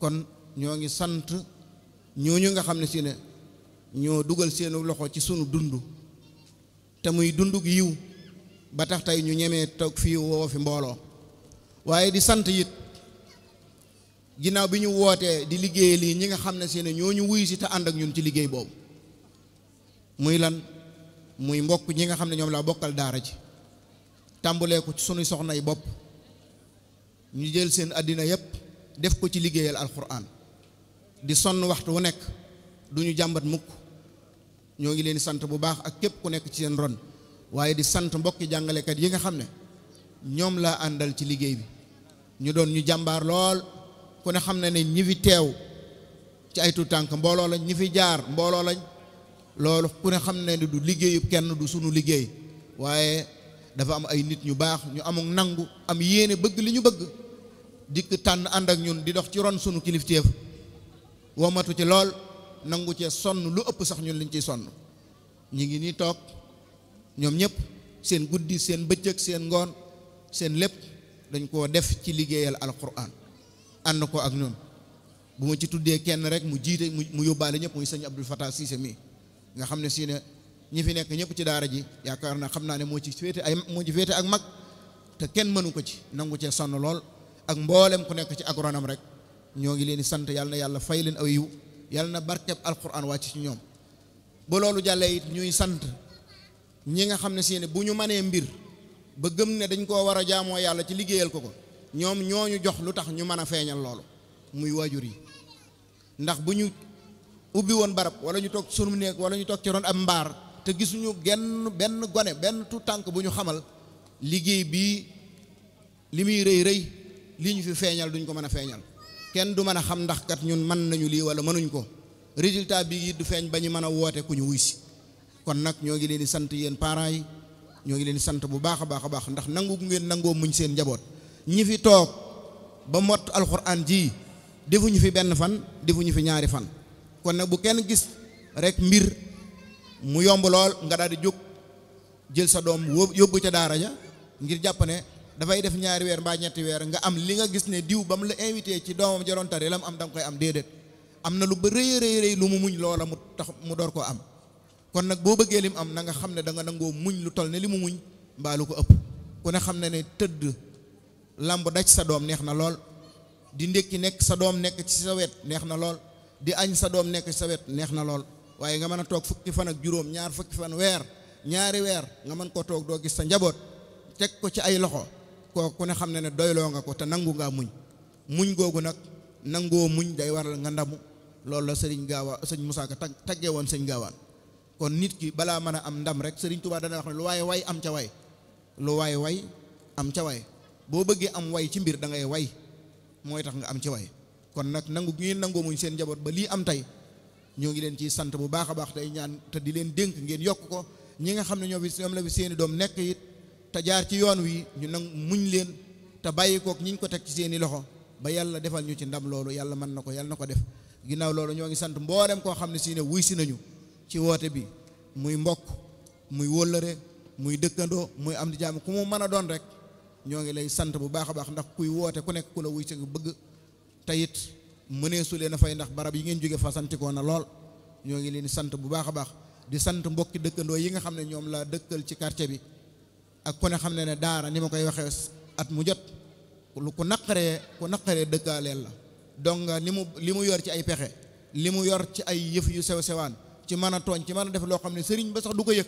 S10: kon ñoo ngi sant ñooñu nga xam ne si ne ñoo dugal seenu loxo ci sunu dund te muy dund yiw ba tax tey ñu ñemee toog fii woo fi mbooloo waaye di sant it ginnaaw bi ñu wootee di liggéey lii ñi nga xam ne si ne ñoo ñu wuyu si te ànd ak ñun ci liggéey boobu muy lan muy mbokk ñi nga xam ne ñoom laa bokkal daara ci tàmbulee ko ci sunuy soxna bopp ñu jël seen àddina yépp def ko ci liggéeyal alxuraan di sonn waxtu wu nekk du jàmbat mukk ñoo ngi leen sant bu baax ak képp ku nekk ci seen ron waaye di sant mbokki jàngalekat yi nga xam ne ñoom laa àndal ci liggéey bi ñu doon ñu jàmbaar lool ku ne xam na ne ñi fi teew ci aytu tànk mbooloo lañ ñi fi jaar mbooloo lañ loolu ku ne xam na ne du liggéeyub kenn du sunu liggéey waaye dafa am ay nit ñu baax ñu amul nangu am yéene bëgg li ñu bëgg dikk tànn ànd ak ñun di dox ci ron sunu kilifteef womatu ci lool nangu cee sonn lu ëpp sax ñun liñ ci sonn ñu ngi nii toog ñoom ñëpp seen guddi seen bëccëg seen ngoon seen lépp dañ ko def ci liggéeyal alquran ànd ko ak ñun bu ma ci tuddee kenn rek mu jiite mu yóbbaale ñëpp muy sëñ Abdou Fatah Cissé mii nga xam ne si ñi fi nekk ñëpp ci daara ji yaakaar na xam naa ne moo ci féete ay moo ci féete ak mag te kenn mënu ko ci nangu cee sonn lool ak mboolem ku nekk ci agronome rek ñoo ngi leen di sant yàlla na yàlla fay leen aw yiw yàlla na barkeb alquran wàcc ci ñoom ba loolu jàllee it ñuy sant ñi nga xam ne si ne bu ñu mënee mbir ba gëm ne dañ koo war a jaamoo yàlla ci liggéeyal ko ko ñoom ñoo ñu jox lu tax ñu mën a feeñal loolu muy waajur yi ndax bu ñu ubbi woon barab wala ñu toog sunu néeg wala ñu toog ci ron ab mbaar te gisuñu genn benn gone benn tu tànk bu ñu xamal liggéey bii li muy rëy rëy lii ñu fi feeñal duñ ko mën a feeñal kenn du mën a xam ndax kat ñun mën nañu lii wala mënuñ ko résultat bii it du feeñ ba ñu mën a woote ku ñu wuy si kon nag ñoo ngi leen sant yéen parents yi ñoo ngi leen sant bu baax a baax a baax ndax nangu ngeen nangoo muñ seen njaboot. ñi fi toog ba mott alxuraan ji defuñu fi benn fan defuñu fi ñaari fan kon nag bu kenn gis rek mbir mu yomb lool nga daal di jóg jël sa doom yóbbu ca daara ja ngir jàpp ne dafay def ñaari weer mbaa ñetti weer nga am li nga gis ne diw ba mu la invité ci doomam jaroon tari la mu am danga koy am déedéet am na lu ba rëy rëy rëy lu mu muñ loola mu tax mu door koo am kon nag boo bëggee li mu am na nga xam ne danga nangoo muñ lu toll ne li mu muñ lu ko ëpp ku xam ne ne tëdd làmb daj sa doom neex na lool di ndekki nekk sa doom nekk ci sa wet neex na lool di añ sa doom nekk ci sa wet neex na lool waaye nga mën a toog fukki fan ak juróom ñaar fukki fan weer ñaari weer nga mën ko toog doo gis sa njaboot teg ko ci ay loxo kooku ne xam ne ne doyloo nga ko te nangu ngaa muñ muñ googu nag nangoo muñ day waral nga ndamu loolu la sëriñ gaawaa sëñ Musaa Ka taggee woon sëñ gaawaan kon nit ki balaa mën a am ndam rek sëriñ Tuubaa dana wax ne lu waaye way am ca way lu waaye way am ca way boo bëggee am way ci mbir da ngay way mooy tax nga am ci way kon nag nangu ngeen nangoo muñ seen njaboot ba lii am tey ñoo ngi leen ciy sant bu baax a baax tey ñaan te di leen dénk ngeen yokk ko ñi nga xam ne ñoo fi ñoom la fi seeni doom nekk it te jaar ci yoon wi ñu nang muñ leen te bàyyi kook ñi ñu ko teg ci seeni loxo ba yàlla defal ñu ci ndam loolu yàlla mën na ko yàlla na ko def ginnaaw loolu ñoo ngi sant mboolem koo xam ne si ne wuy nañu ci woote bi muy mbokk muy wóllëre muy dëkkandoo muy am di jaam ku mu mën a doon rek ñoo ngi lay sant bu baax a baax ndax kuy woote ku nekk ku la wuy si nga bëgg tayit mëneesu leen a fay ndax barab yi ngeen jóge fa na lool ñoo ngi leen sant bu baax a baax di sant mbokki dëkkandoo yi nga xam ne ñoom laa dëkkal ci quartier bi ak ku ne xam ne ne daara ni ma koy waxee at mu jot lu ku naqaree ku naqaree dëkkaaleel la donc ni mu li mu yor ci ay pexe li mu yor ci ay yëf yu sew sewaan ci mën a tooñ ci mën a def loo xam ne sëriñ ba sax du ko yëg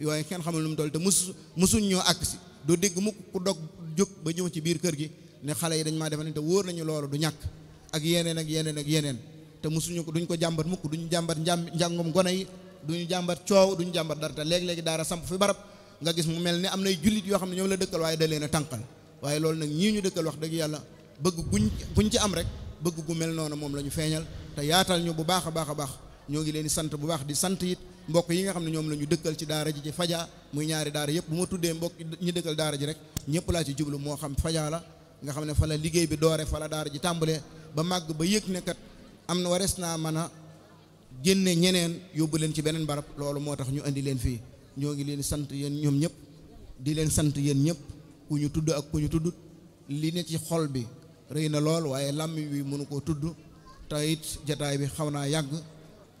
S10: yooyu kenn xamul lu mu toll te musu musuñ ñoo àgg si du dégg mukk ku dog jóg ba ñëw ci biir kër gi ne xale yi dañ maa defal te wóor nañu loolu du ñàkk ak yeneen ak yeneen ak yeneen te mosuñu ko duñ ko jàmbat mukk duñu jàmbat njàngum gone yi duñu jàmbat coow duñu jàmbat dara te léegi-léegi daara samp fi barab nga gis mu mel ni am nay jullit yoo xam ne ñoom la dëkkal waaye da leen a tànqal waaye loolu nag ñii ñu dëkkal wax dëgg yàlla bëgg guñ guñ ci am rek bëgg gu mel noonu moom la ñu feeñal te yaatal ñu bu baax a baax a baax ñoo ngi leen di sant bu baax di sant it mbokk yi nga xam ne ñoom la ñu dëkkal ci daara ji ci faja muy ñaari daara yëpp bu ma tuddee mbokk ñi dëkkal daara ji rek ñëpp laa ci jublu moo xam fajaa la nga xam ne fa la liggéey bi doore fa la daara ji tàmbalee ba màgg ba yëg ne am na warees naa mën a génne ñeneen yóbbu leen ci beneen barab loolu moo tax ñu indi leen fii ñoo ngi leen sant yéen ñoom ñëpp di leen sant yéen ñëpp ku ñu tudd ak ku ñu tudd li ne ci xol bi rëy na lool waaye làmmiñ wi mënu koo tudd te it jataay bi xaw naa yàgg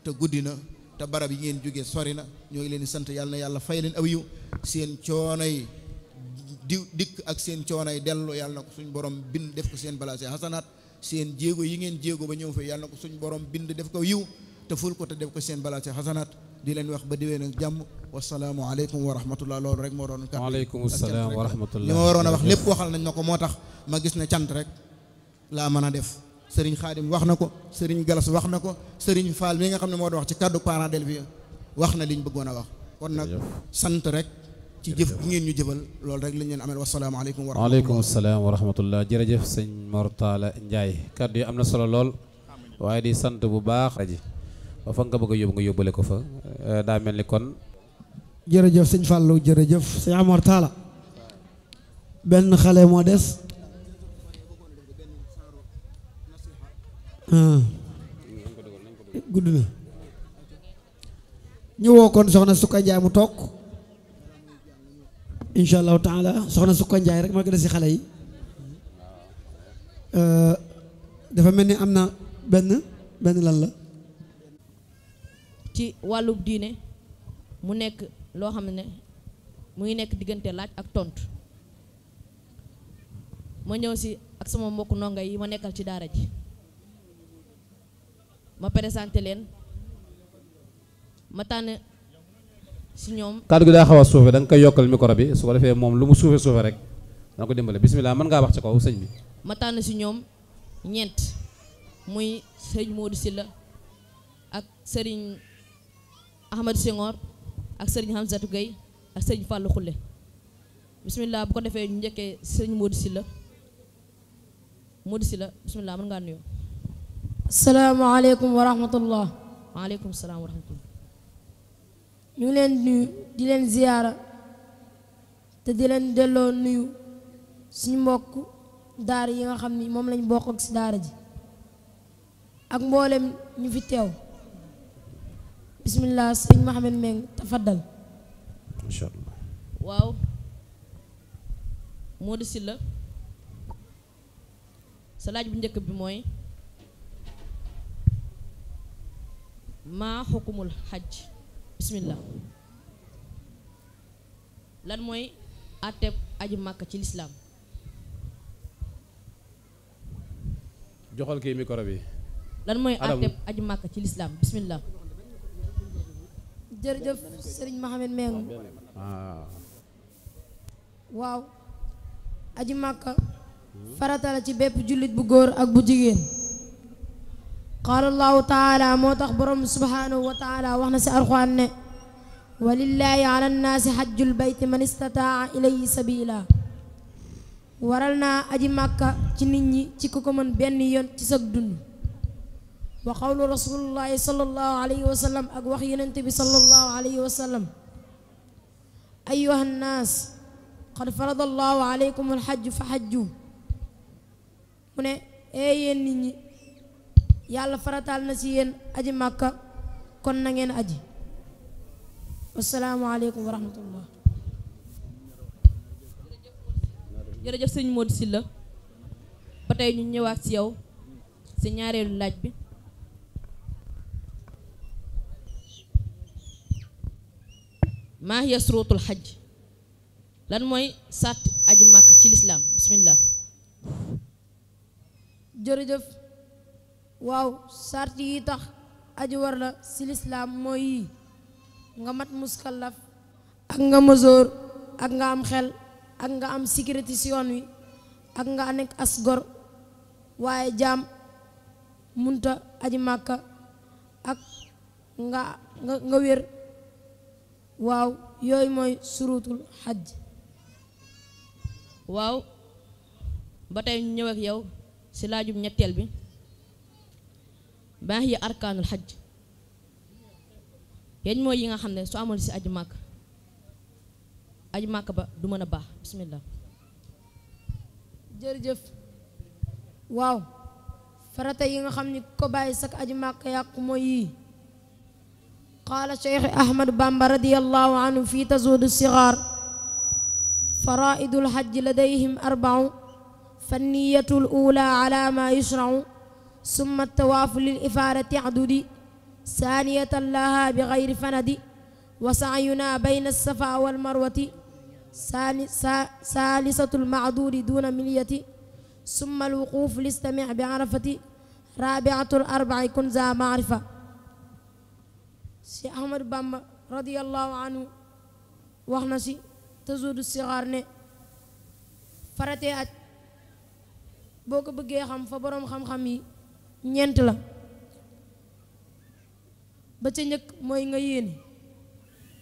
S10: te guddi na te barab yi ngeen jógee sori na ñoo ngi leen di sant yàlla yàlla fay leen aw yiw seen coono yi di dikk ak seen coono yi dellu yàlla na ko suñ borom bind def ko seen balaase xasanaat seen jéego yi ngeen jéego ba ñëw fa yàlla ko suñ borom bind def ko yiw te ful ko te def ko seen balaase xasanaat di leen wax ba diwee nag jàmm wasalaamu aleykum wa rahmatullah loolu rek moo doon. waaleykum salaam wa rahmatullah li ma waroon a wax lépp waxal nañ ma ko moo tax ma gis ne cant rek laa mën a def. sëriñ xaadim wax na ko sëriñ galas wax na ko sëriñ faal mi nga xam ne moo doon wax ci kàddu parent del bi wax na li ñu bëggoon a wax kon nag sant rek ci jëf bu ngeen ñu jëfal loolu rek lañ leen amel wasalaamaaleykum wa waaleykum
S7: salaam wa rahmatullah jërëjëf sëñ Mortala Ndiaye kàddu yi am na solo lool waaye di sant bu baax aji ba nga bëgg a nga yóbbale ko fa eh, daa mel ni kon
S2: jërëjëf sëñ Fallou jërëjëf sëñ Mortala benn xale moo des Hmm. gudd na ñu kon soxna Sukka Njaay mu toog insha allahu taala soxna Sukka Njaay rek ma gën a si xale yi euh, dafa mel ni am na benn benn lan la
S11: ci wàllu diine mu nekk loo xam ne mu ngi nekk diggante laaj ak tontu ma ñëw si ak sama mbokk ndongo yi ma nekkal ci daara ji ma présenté leen ma tànn si ñoom.
S7: kàddu gi daa xaw a suufe da koy yokkal micro bi su ko defee moom lu mu suufe suufe rek dana ko dimbale bisimilah mën ngaa wax ci kaw sëñ bi.
S11: ma tànn si ñoom ñeent muy sëñ si la ak sëriñ Ahmad Senghor ak sëriñ Hamzatou Gueye ak sëriñ Fallou Khoule bisimilah bu ko defee ñu njëkkee sëñ Modou Sylla Modou Sylla bisimilah mën ngaa nuyoo.
S12: salaamaaleykum wa rahmatullah
S11: waaleykum salaam wa
S12: ñu leen nuyu di leen ziyaara te di leen delloo nuyu suñu mbokk daara yi nga xam ni moom lañ bokk ak si daara ji ak mboolem ñu fi teew bismillah sëñ Mohamed Meng tafaddal
S7: incha allah
S11: waaw moo di si la sa laaj bu njëkk bi mooy maa xukumul xaj bismillah lan mooy àtteeb aji màkk ci lislaam
S7: joxal kii micro bi lan mooy àtteeb
S11: aji màkk ci lislaam bismillah
S12: jërëjëf sëriñ Mohamed Meng waaw aji màkk farata ci bépp jullit bu góor ak bu jigéen qaala allahu taala moo tax borom subhaanahu wa taala wax na si arxuwaan ne walillaahi ala nnaasi xajjul bayti man istataa ilayhi sabila waral naa aji màkka ci nit ñi ci ku ko mën benn yoon ci sag dund wa qawlu rasulullahi sallallahu alayhi wa sallam ak wax yonent bi sallallahu alayhi wa sallam ayuha nnaas qad farada allahu alaykum alxajju fa xajju mu ne ee yéen nit ñi yàlla faratal na ci yéen aji màkka kon nangeen aji wasalaamaaleykum wa rahmatullah
S13: jërëjëf
S11: sëñ Modou Sylla ba tey ñu ñëwaat ci yow ci ñaareelu laaj bi maa hiya surutul xaj lan
S12: mooy sàtt aju màkk ci lislaam bismillah jërëjëf waaw sart yi tax aji war la si lislaam mooy yii nga mat muskallaf ak nga mësoor ak nga am xel ak nga am sécurité si yoon wi ak nga nekk as gor waaye jaam munta aji màkka ak nga nga wér waaw yooyu mooy surutul xaj waaw ba tey ñu yow ci laajum
S11: ñetteel bi baax yi arkaanul xaj yan mooy yi nga xam ne su amul si aji màkk aji màkk ba du mën a baax bismillah
S12: jërëjëf waaw farata yi nga xam ni ko bàyyi sak aji màkk yàqu mooy yii qaala cheikh ahmadu bamba radiallahu anhu fi tazuudu sigaar faraidul xaj ladayhim arbau fa niyatu l ula ala ma yusrau summa tawaafu lil ifaadati adudi saaniyatan laha bi xayri fanadi wa saayuna bayna safa wal marwati saalisatu lmaadudi duna miliyati summa alwuquufu listamic bi arafati raabiatu larbaci kun za maarifa si ahmadu bamba radiallahu anhu wax na si tasuudu sixaar ne faratee aj boo ko bëggee xam fa boroom xam-xam yi ñeent la ba ca njëkk mooy nga yéene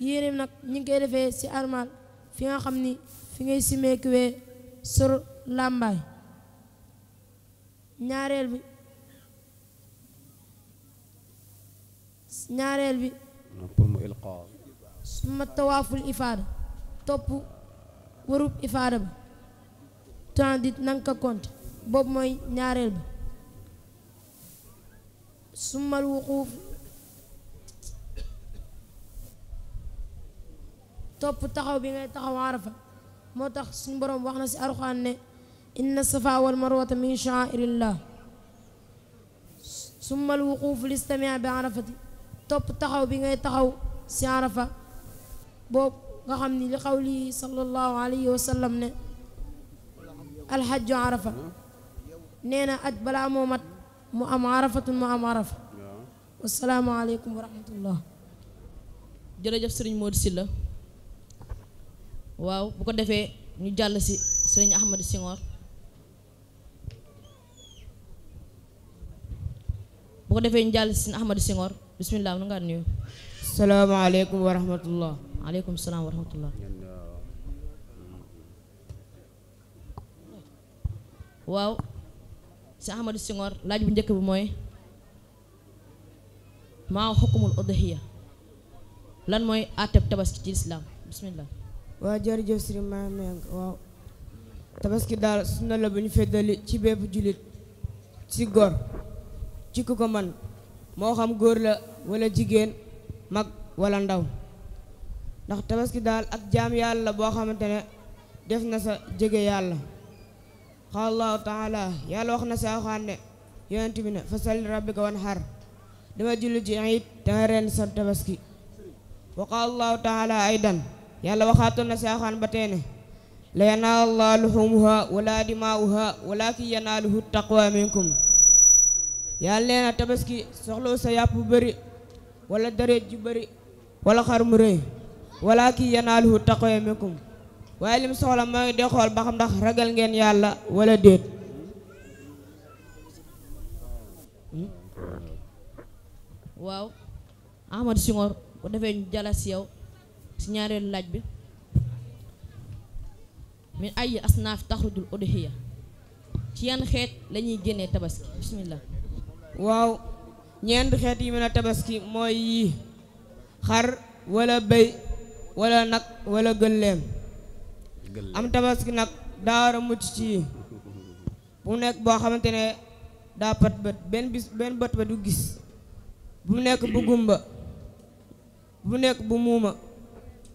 S12: yéene nag ñu ngi koy defee ci armal fi nga xam ni fi ngay simeekuwee sor làmbaay ñaareel bi ñaareel bi
S7: pour mu ilqaa
S12: tawaaful ifaada topp warub ifaada ba temps dit nanga ko boobu mooy ñaareel bi summa alwuquuf topp taxaw bi ngay taxaw arafa moo tax suñu boroom wax na ci Alxuraan ne inna safa wal marwata min sha'airillah summa alwuquuf listamia bi arafati topp taxaw bi ngay taxaw ci arafa boobu nga xam ni li xawli sallallahu alayhi wa sallam ne alxajju arafa hmm? nee na aj balaa moo mat mu am arafatun mu am arafa wasalaamaaleykum wa rahmatullah
S11: jërëjëf sëriñ Modou Sylla waaw bu ko defee ñu jàll si sëriñ Ahmadou Senghor bu ko defee ñu jàll si sëriñ Ahmadou Senghor bisimilah nu nga nuyu salaamaaleykum wa rahmatullah aleykum salaam wa waaw si Ahmadou Senghor laaj bu njëkk bi mooy maa xukumul udhiya
S5: lan mooy àtteb tabaski ci lislaam bismillah waa jërëjëf sëriñ Maam waaw tabaski daal sunna la bu ñu feddali ci bépp jullit ci góor ci ku ko man moo xam góor la walla jigéen mag walla ndaw ndax tabaski daal ak jaam yàlla boo xamante ne def na sa jege yàlla qaala allahu taala yàlla wax na saa xaan ne yonent bi ne fa salli rabbika wan xar dama julli ci iid danga reen sa tabaski wa qaala allahu taala aydan yàlla waxaatoon na saa ba tey la yanaal allah luxumuha wala dimaa'uha walakin yanaaluhu taqwa minkum yàlla nee na tabaski soxlawu sa yàpp bu bëri wala deret ju bëri wala xar mu rëy walakin yanaaluhu taqwa minkum waaye lim soxla mooy de xool ba xam ndax ragal ngeen yàlla wala déet waaw Ahmad
S11: Singor bu defee ñu jala si si ñaareelu laaj bi min ay asnaaf taxrujul udhiya ci yan xeet lañuy ñuy génnee tabaski
S5: bismillah waaw ñeenti xeet yi mën tabaski mooy yii xar wala bëy walla nag wala gëléem am tabaski nag daa war a mucc ci bu nekk boo xamante ne daa bët benn bis benn bët ba du gis bu nekk bu gumba bu nekk bu muuma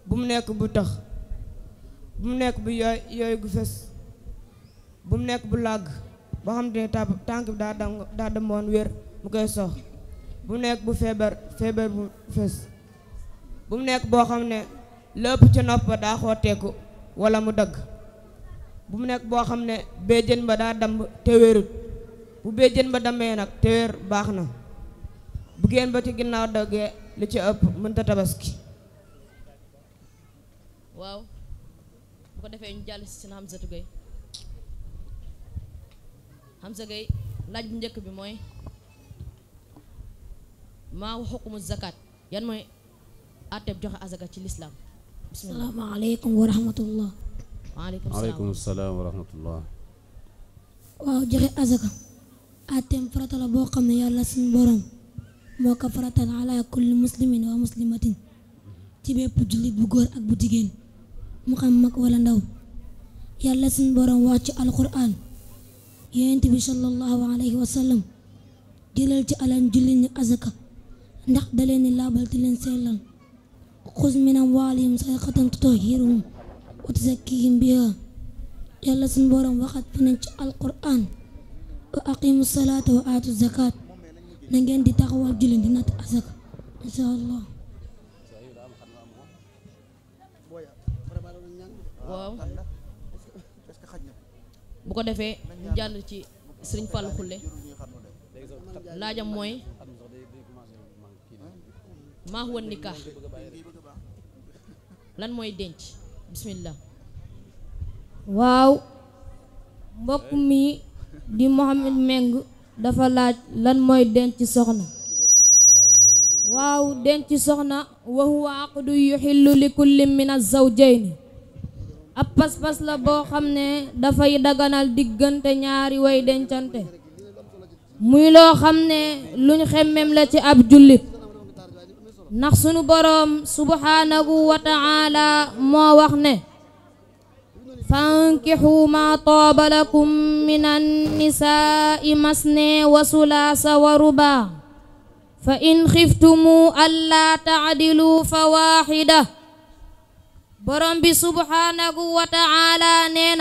S5: bu nekk bu tax bu nekk bu yooy yooy gu fes bu nekk bu làgg boo xamante ne tànk bi daa dam daa demoon wér mu koy sox bu nekk bu feebar feebar bu fes bu nekk boo xam ne lépp ci nopp daa xooteeku wala mu dagg bu mu nekk boo xam ne béjjën ba daa damb te wérut bu béjjën ba dammee nag te baax na bu génn ba ci ginnaaw daggee li ci ëpp mënta tabaski
S11: waaw bu ko defee ñu jàll si seen Hamzatou laaj bu njëkk bi mooy maa wa xukumu zakat yan mooy àtteeb joxe azaka ci lislaam salaamaaleykum wa
S9: waaw
S14: joxe azaka. atem farata boo xam ne yàlla suñu borom moo ko faratal ala kulli wa muslimatin ci bépp jullit bu góor ak bu jigéen mu xam mag wala ndaw yàlla suñu borom wax ci alquran yonent bi sallallahu alayhi wa sallam jëlal ci alan jullit ñi azaka ndax da laabal te leen xus min amwaalihim sadaqatan tutahhiruhum wa tuzakkihim biha yàlla suñ boroom waxat feneen ci alquran wa aqimu salaata wa aatu zakat na ngeen di taxawal julli di natt asaka insha allah
S11: bu ko defee ñu jàll ci sëriñ Fallou Khoule
S7: laajam mooy maa huwa nikah
S11: lan mooy denc bismillah
S14: waaw mbokk mi di Mohamed Meng dafa laaj lan mooy denc soxna waaw denc soxna wa huwa aqdu yuxillu li kulli min az-zawjayni ab pas-pas la boo xam ne dafay daganal diggante ñaari way dencante muy loo xam ne luñ xemmem la ci ab jullit ndax sunu boroom subhaanahu wa ta'ala moo wax ne fankixu ma tooba lakum min annisaai masne wa sulaasa wa ruba fa in xiftumu allaa taadilu fa waaxida borom bi subhaanahu wa ta'ala nee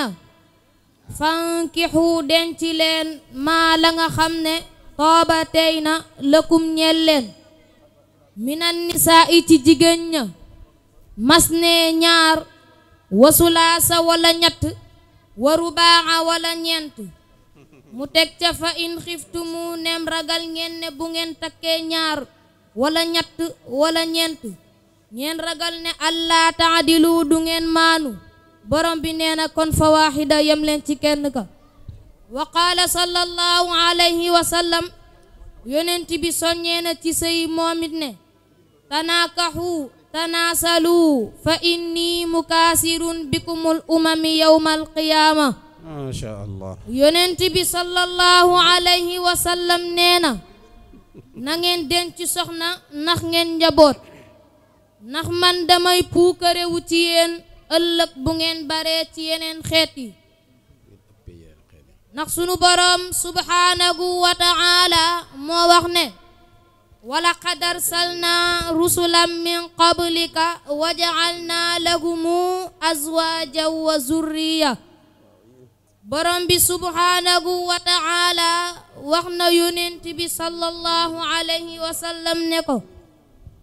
S14: fankixu denci leen maa la nga xam ne tooba na lakum ñel minan nisaa yi ci jigéen ña mas ne ñaar wa sulaasa wala ñett wa rubaaxa wala ñeent mu teg ca fa in xiftu mu nem ragal ngeen ne bu ngeen takkee ñaar wala ñett wala ñeent ngeen ragal ne allah taadilu du ngeen maanu borom bi nee na kon fa waaxida yem leen ci kenn ka wa qaala sallallahu alayhi wa yonent bi soññee na ci sëy moom it ne tanaakaxu tanaasalu fa inni mukaasirun bikumul umami yawmal qiyaama
S7: maasha allah
S14: yonent bi sallallahu alayhi wa sallam nee na na ngeen denc soxna ndax ngeen njaboot ndax man damay puukarewu ci yen ëllëg bu ngeen bare ci yeneen xeet yi ndax sunu boroom subhaanahu wa taala moo wax ne walaqad arsalna rusulan min qablika wa ja'alna lahumu azwaajan wa zurriya borom bi subhaanahu wa ta'ala wax na yonent bi sallallahu alayhi wa sallam ne ko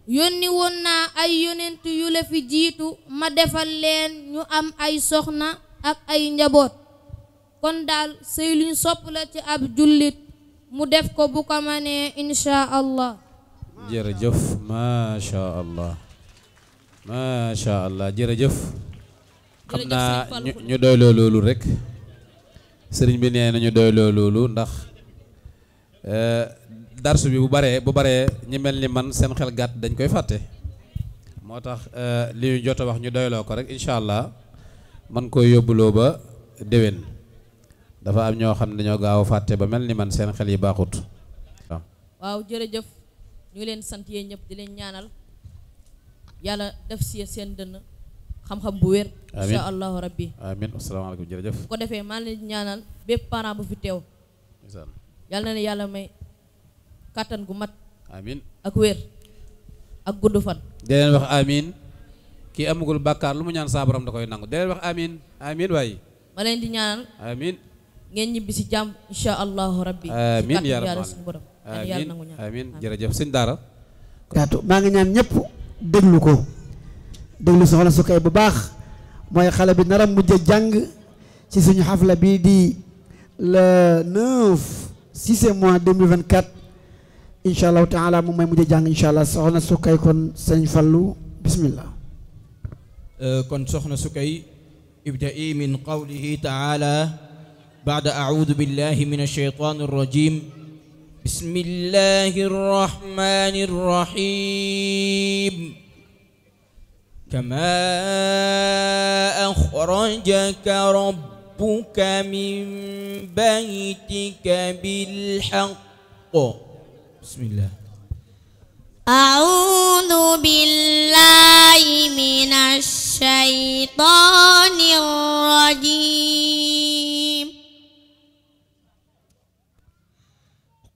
S14: yónni woon naa ay yonent yu la fi jiitu ma defal leen ñu am ay soxna ak ay njaboot kon daal sëy luñ sopp la ci ab jullit mu def ko bu ko manee insha allah
S7: jërëjëf macha allah macha allah jërëjëf. xam naa ñu doy loolu rek. sëriñ bi nee na ñu doy loo loolu ndax euh, darsu bi bu baree bu baree ñi mel ni man seen xel gàtt dañ koy fàtte. moo tax euh, li ñu jot a wax ñu doyloo ko rek incha allah man koy yóbbuloo ba déwén. dafa am ñoo xam ne dañoo gaaw a fàtte ba mel ni man seen xel yi baaxut.
S11: waaw jërëjëf. ñu ngi leen sant yéen ñëpp di leen ñaanal yàlla def si seen dënn xam-xam bu wér insha allahu rabbi
S7: bu
S11: ko defee maa leen ñaanal bépp parent bu fi teew yàlla na ne yàlla may kàttan gu mat
S7: amin ak wér ak gudd fan de leen amin kii amagul bàkkaar lu mu ñaan saa borom da koy nangu de leen wax amin amin waaye ma leen di ñaanal amin
S11: ngeen ñibbi si jàmm insha allahu rabbi amin
S7: yaa rabbal amiin amiin jërëjëf sëñ Daara.
S2: Kaatu maa ngi ñaan ñëpp déglu ko déglu soxna Sukay bu baax mooy xale bi nara mujj jàng ci suñu xafla bii di le 9 6 mois 2024 incha allahu taala moom mooy mujj a jàng incha allah soxna Sukay kon sëñ Fallu bismillah.
S4: Euh, kon soxna Sukay ibda'i min qawlihi taala ba'da a'uudu billahi mina shaytaani rajiim بسم الله الرحمن الرحيم كما أخرجك ربك من بيتك بالحق بسم الله
S15: أعوذ بالله من الشيطان الرجيم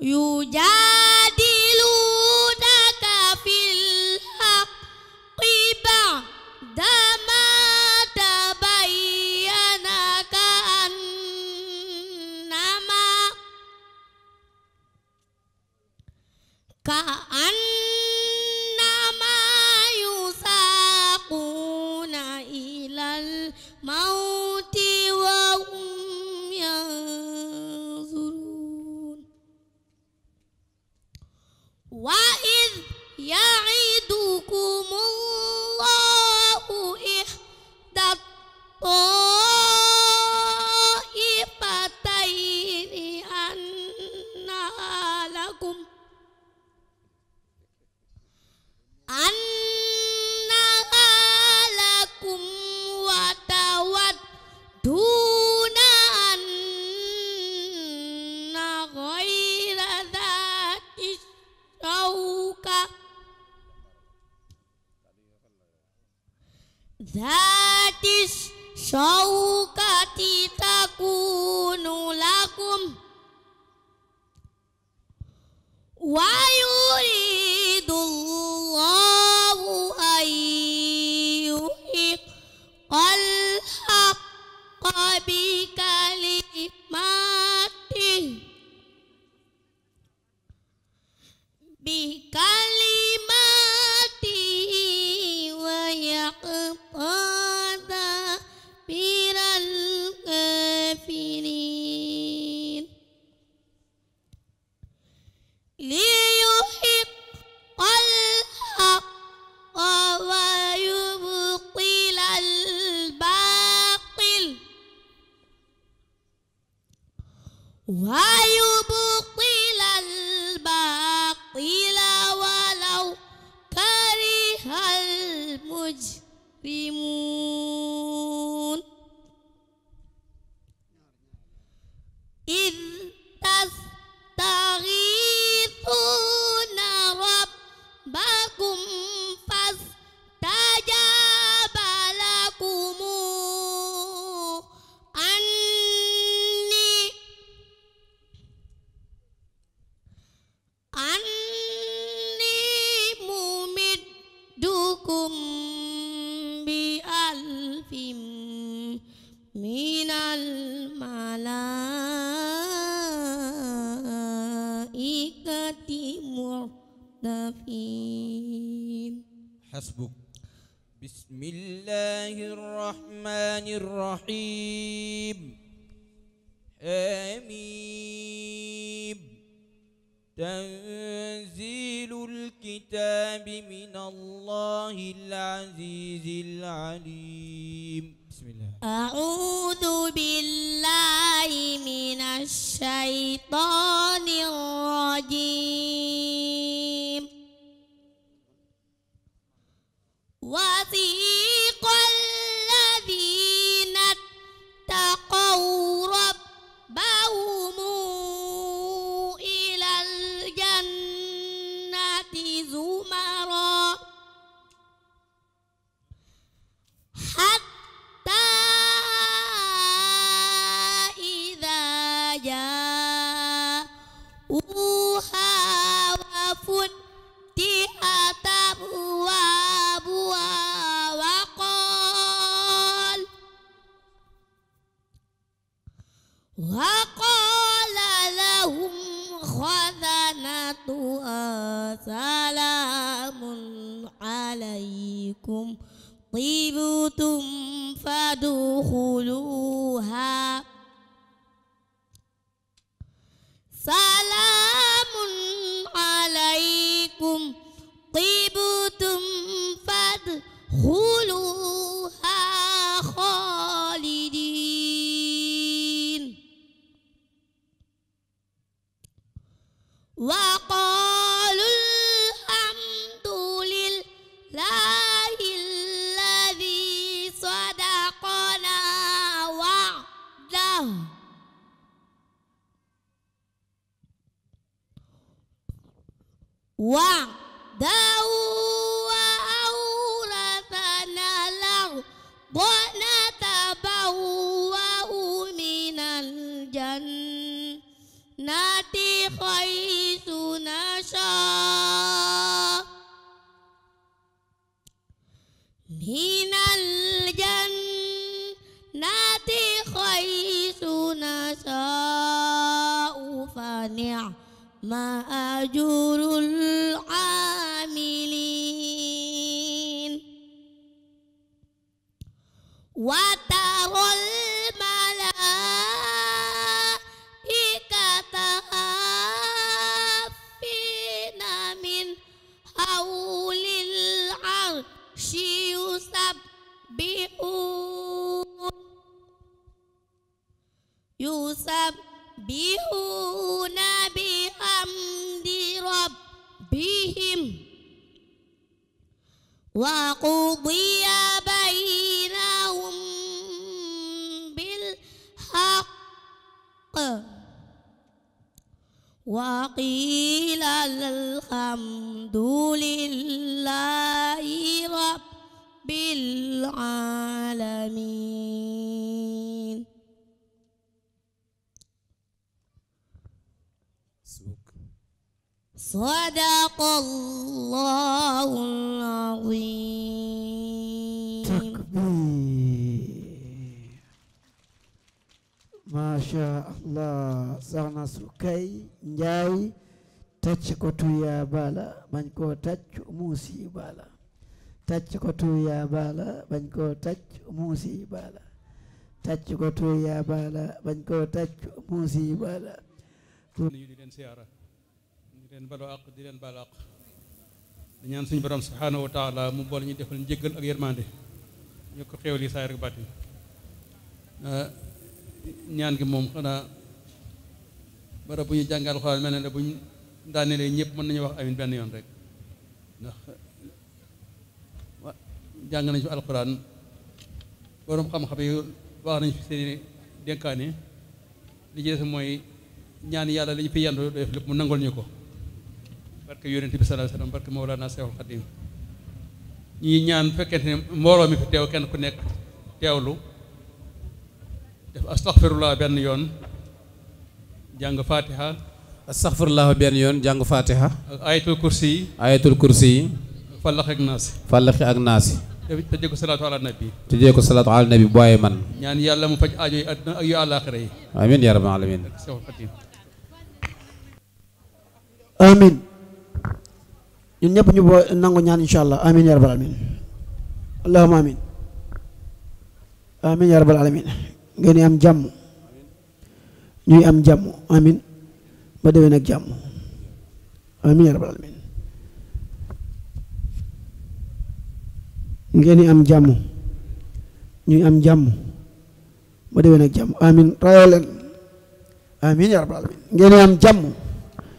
S15: يجادلونك في الحق بعدما تبين كأنما كأنما يساقون إلى الموت يأتوكم بألف من الملائكة مردفين
S4: حسبك بسم الله الرحمن الرحيم آمين تنزيل الكتاب من الله العزيز العليم بسم الله
S15: أعوذ بالله من الشيطان الرجيم وفي لكم طيبتم فادخلوها سلام عليكم طيبتم فادخلوها خالدين وقال وعده وأورثنا الأرض نتبوأ من الجنة حيث نشاء من الجنة حيث نشاء فنعم أجر يسبحون بحمد ربهم وقضي بينهم بالحق وقيل الحمد لله رب العالمين Sadaqallahul aziim.
S2: Takbiir. Masha Allah. Soxna Sukay Njaay tacc ko tuyaa bala bañ koo tacc muusi bala tacc ko tuyaa bala bañ koo tacc muusi bala tacc ko tuyaa bala bañ koo tacc muusi bala
S13: di leen baloo àq di leen baloo àq di ñaan suñu borom subhaanahu wa taala mu boole ñu defal njëggal ak yërmande ñu ko xéewal yi saay rek bàtti ñaan gi moom xanaa bara bu ñu jàngal alxuraan mel ne ne bu ñu daanelee ñëpp mën nañu wax amin benn yoon rek ndax jàng nañu fi alxuraan borom xam-xam yi wax nañu fi seeni dénkaane li ci mooy ñaan yàlla li ñu fi yendu def lépp mu nangol ñu ko barke yonent bi sallallahu alayhi wasallam barke Mawlana Seexul Xadim ñi ñaan fekkente ne mbooloo mi fi teew kenn ku nekk teewlu def astaghfirullah benn yoon jàng fatiha
S7: benn yoon jàng fatiha ayatul kursi yi ayatul kursi yi fallaxi ak naasi fallaxi ak naasi
S13: tëjee ko salaatu ala nabi tëjee ko
S7: salaatu ala nabi booye man
S13: ñaan yàlla mu faj aajo yi àdduna ak yu àllaaxira yi amin yaa rabbal alamin
S2: ñun ñëpp ñu boo nangu ñaan incha allah amin ya rabbal alamin allahumma amin amin alamin ngeen am jàmm ñuy am jàmm amin ba déwén ak jàmm amin ya rabbal alamin ngeen am jàmm ñuy am jàmm ba déwén ak jàmm amin rayoo leen
S1: amin ya alamin ngeen am jàmm